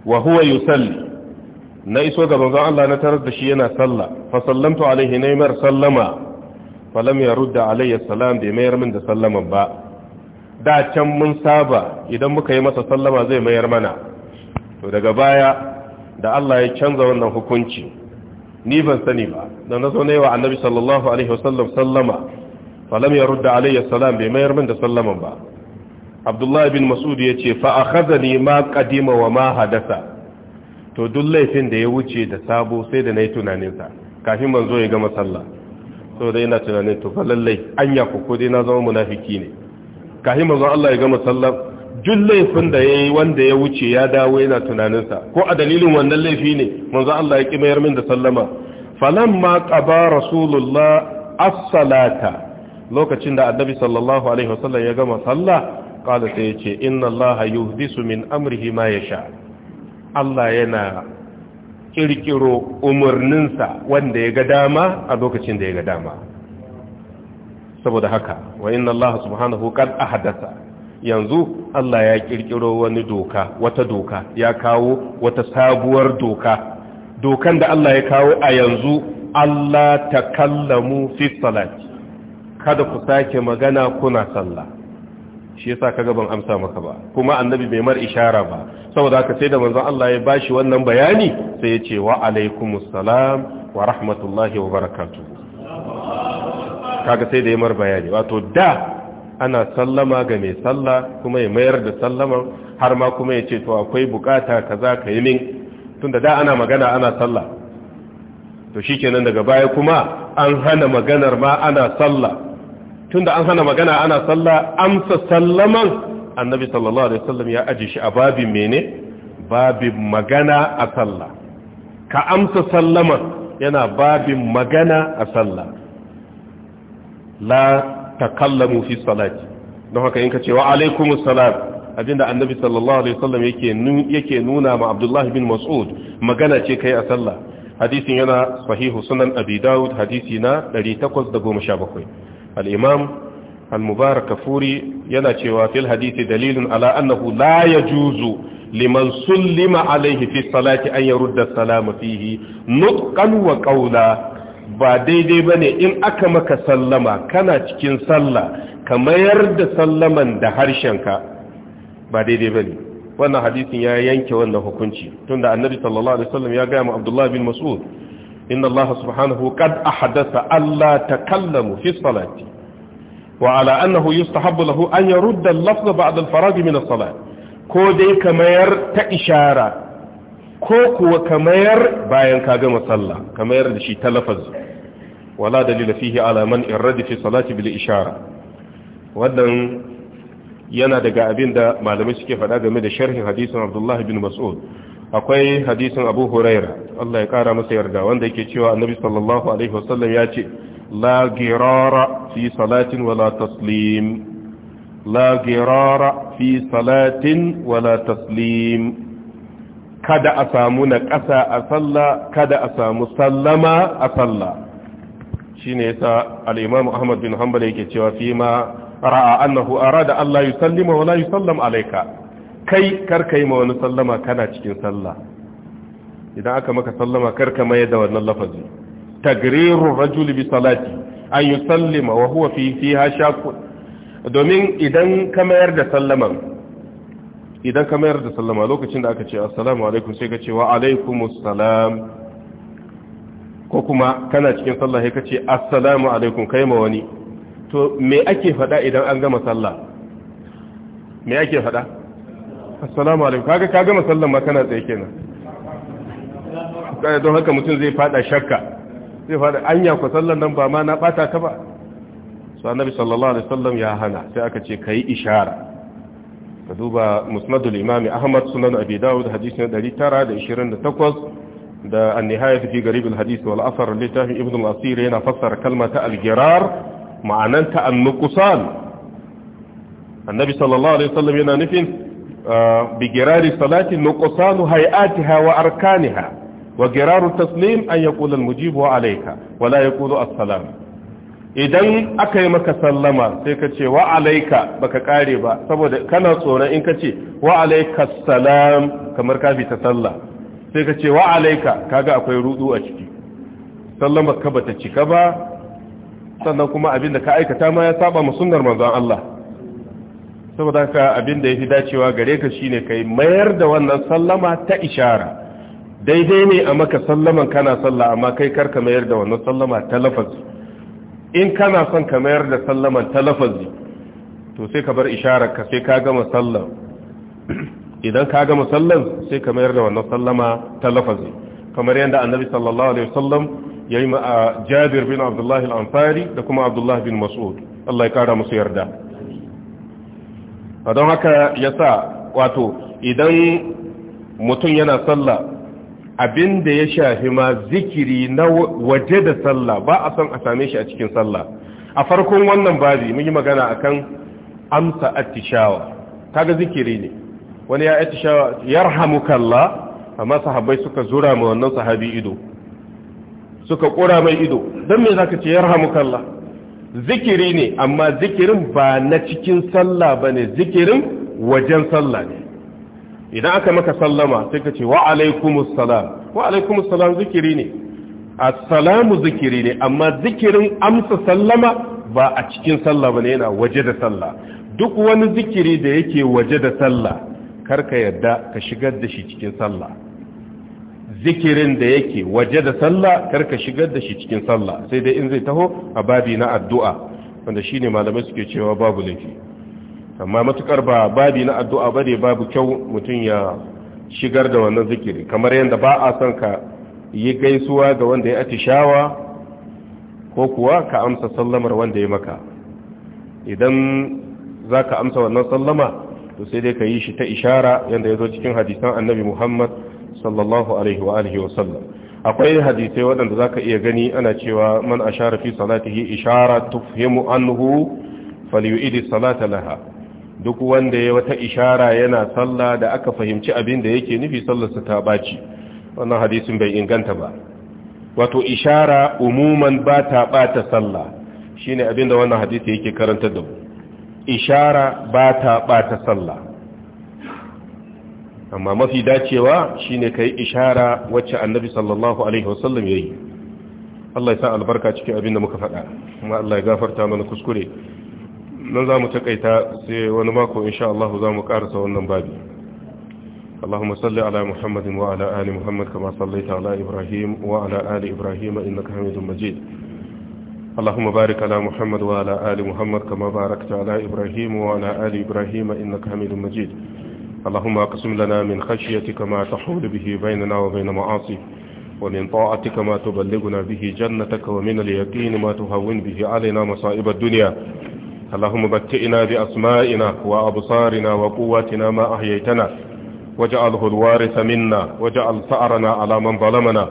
wa huwa yusalli na iso ga manzon Allah na tarar da shi yana sallah fa sallamtu alaihi naymar sallama fa lam yarudda alayya salam bai mayar min da sallama ba da can mun saba idan muka yi masa sallama zai mayar mana to daga baya da Allah ya canza wannan hukunci ni ban sani ba da na zo ne wa annabi sallallahu alaihi wasallam sallama falam ya rudda alayya salam bai mayar min da sallaman ba abdullahi bin mas'ud ya ce fa akhadhani ma qadima wa ma hadatha to duk laifin da ya wuce da sabo sai da nayi tunanin sa kafin manzo ya gama sallah so dai ina tunanin to fa lallai anya ku ko dai na zama munafiki ne kafin manzo Allah ya gama sallah duk laifin da yayi wanda ya wuce ya dawo yana tunaninsa ko a dalilin wannan laifi ne manzo Allah ya kimayar min da sallama ma qaba rasulullah as-salata lokacin da annabi sallallahu alaihi wasallam ya gama sallah qala sai yace inna Allah yuhdisu min amrihi ma yasha Allah yana kirkiro umarninsa wanda ya ga dama a lokacin da ya ga dama saboda haka wa inna Allah subhanahu qad ahdatha yanzu Allah ya kirkiro wani doka wata doka ya kawo wata sabuwar doka dokan da Allah ya kawo a yanzu Allah ta kallamu fi salati kada ku sake magana kuna sallah shi yasa kaga ban amsa maka ba kuma annabi bai mar ishara ba saboda haka sai da manzon Allah ya bashi wannan bayani sai ya ce wa alaikumus salam wa rahmatullahi wa barakatuh kaga sai da ya mar bayani wato da ana sallama ga mai sallah kuma ya mayar da sallama har ma kuma ya ce to akwai bukata kaza ka yi min tun da ana magana ana sallah to shikenan daga baya kuma an hana maganar ma ana sallah da an hana magana ana sallah amsa sallaman annabi sallallahu alaihi wasallam ya aje shi a babin mene babin magana a sallah ka amsa sallaman yana babin magana a sallah la takallamu fi salati don haka in ka ce wa alaikumus salam abinda annabi sallallahu alaihi wasallam yake yake nuna ma abdullahi bin mas'ud magana ce kai a sallah hadisin yana sahihu sunan abi daud hadisi na 817 al-imam al-mubarak kafuri yana cewa fil hadisi dalilun ala annahu la yajuzu liman sullima alaihi fi salati an yarudda salama fihi nutqan wa qawla ba daidai ba ne in aka maka sallama kana cikin sallah ka mayar da sallaman da harshenka ba daidai ba ne wannan hadisin ya yanke wannan hukunci tunda annabi sallallahu alaihi wasallam ya gaya ma abdullahi bin mas'ud inna allaha subhanahu qad ahdatha alla takallamu fi salati وعلى أنه an له أن يرد اللفظ بعد الفراغ من الصلاة ko dai ka mayar ta ishara ko kuwa ka mayar bayan ka gama sallah ka mayar da shi ta lafazi wala dalila fihi ala man irradi fi salati bil ishara wannan yana daga abin da malamai suke faɗa game da sharhin hadisin Abdullah bin Mas'ud akwai hadisin Abu Huraira Allah ya kara masa yarda wanda yake cewa Annabi sallallahu alaihi wasallam ya ce la girara fi salatin wala taslim la girara fi salatin wala taslim kada a samu na ƙasa a sallah kada a samu sallama a sallah shine yasa al-Imam Ahmad bin Hanbal yake cewa fi ma ra'a annahu arada Allah yusallima wa la yusallam alayka kai kar kai ma wani sallama kana cikin sallah idan aka maka sallama kar ka mai da wannan lafazi tagriru rajuli bi salati an yusallima wa huwa fi fiha shakun domin idan ka mayar da sallaman idan ka mayar da sallama lokacin da aka ce assalamu alaikum sai ka ce wa alaikumus salam ko kuma kana cikin sallah sai kace assalamu alaikum kai ma wani to me ake fada idan an gama sallah me ake fada assalamu alaikum kaga ka gama sallan ma kana tsaye kenan kai don haka mutum zai fada shakka zai fada anya ko sallan nan ba ma na bata ka ba so annabi sallallahu alaihi wasallam ya hana sai aka ce kai ishara ka duba musnadul imami ahmad sunan abi dawud hadisi 928 da annihayatu fi garib alhadith wal asar littafin ibn al-asir yana fassara kalma ta al-girar ma'ananta an-nuqsan annabi sallallahu alaihi wasallam yana nufin uh, bi girari salati nuqsan hay'atiha wa arkaniha wa taslim an yaqula al-mujibu alayka wa la yaqulu as-salam idan aka yi maka sallama sai ka ce wa alaika baka kare ba saboda kana tsoron in ka ce wa alaika salam kamar kafi ta sallah sai ka ce wa alaika kaga akwai rudu a ciki sallama ka bata cika ba sannan kuma abin da ka aikata ma ya saba ma sunnar manzon Allah saboda ka abin da yafi dacewa gare ka shine kai mayar da wannan sallama ta ishara daidai ne a maka sallaman kana sallah amma kai karka mayar da wannan sallama ta lafazi in kana son ka mayar da sallaman ta lafazi to sai ka bar isharar ka sai ka gama sallah idan ka gama sallan sai ka mayar da wannan sallama ta lafazi kamar yadda annabi sallallahu alaihi wasallam ya yi ma'a jabir bin abdullahi al'amfari da kuma abdullahi bin mas'ud Allah ya kara musu yarda don haka ya sa wato idan mutum yana sallah abin da ya shafi ma zikiri na waje da sallah ba a son a same shi a cikin sallah a farkon wannan babi mun yi magana akan amsa attishawa kaga zikiri ne wani ya atishawa yarhamukalla amma sahabbai suka zura ma wannan sahabi ido suka kura mai ido don me ka ce yarhamukalla zikiri ne amma zikirin ba na cikin sallah ba ne zikirin wajen sallah ne idan aka maka sallama sai ka ce wa alaikumus salam wa alaikumus salam zikiri ne assalamu zikiri ne amma zikirin amsa sallama ba a cikin sallah bane yana waje da sallah duk wani zikiri da yake waje da sallah karka yadda ka shigar da shi cikin sallah zikirin da yake waje da sallah karka shigar da shi cikin sallah sai dai in zai taho a babi na addu'a wanda shine malamai suke cewa babu laifi amma matukar ba babi na addu'a ba ne babu kyau mutum ya shigar da wannan zikiri kamar yadda ba a son ka yi gaisuwa ga wanda ya atishawa ko kuwa ka amsa sallamar wanda ya maka idan za ka amsa wannan sallama to sai dai ka yi shi ta ishara yadda ya zo cikin hadisan annabi muhammad sallallahu alaihi wa alihi wa sallam akwai hadisai waɗanda za ka iya gani ana cewa man ashara fi salatihi ishara tufhimu anhu falyu'idi salata laha duk wanda ya wata ishara yana sallah da aka fahimci abin da yake nufi sallarsa ta baci wannan hadisin bai inganta ba wato ishara umuman ba ta bata sallah shine abin da wannan hadisi yake karantar da mu ishara ba ta ɓata sallah amma mafi dacewa shine kai ishara wacce annabi sallallahu alaihi wasallam yayi Allah ya sa albarka cikin abin da muka faɗa kuma Allah ya gafarta mana kuskure nan za mu taƙaita sai wani mako insha Allah za mu karasa wannan babi اللهم صل على محمد وعلى آل محمد كما صليت على إبراهيم وعلى آل إبراهيم إنك حميد مجيد اللهم بارك على محمد وعلى آل محمد كما باركت على إبراهيم وعلى آل إبراهيم إنك حميد مجيد اللهم أقسم لنا من خشيتك ما تحول به بيننا وبين معاصيك ومن طاعتك ما تبلغنا به جنتك ومن اليقين ما تهون به علينا مصائب الدنيا اللهم متئنا بأسمائنا وأبصارنا وقواتنا ما أحييتنا وجعله الوارث منا وجعل ثأرنا على من ظلمنا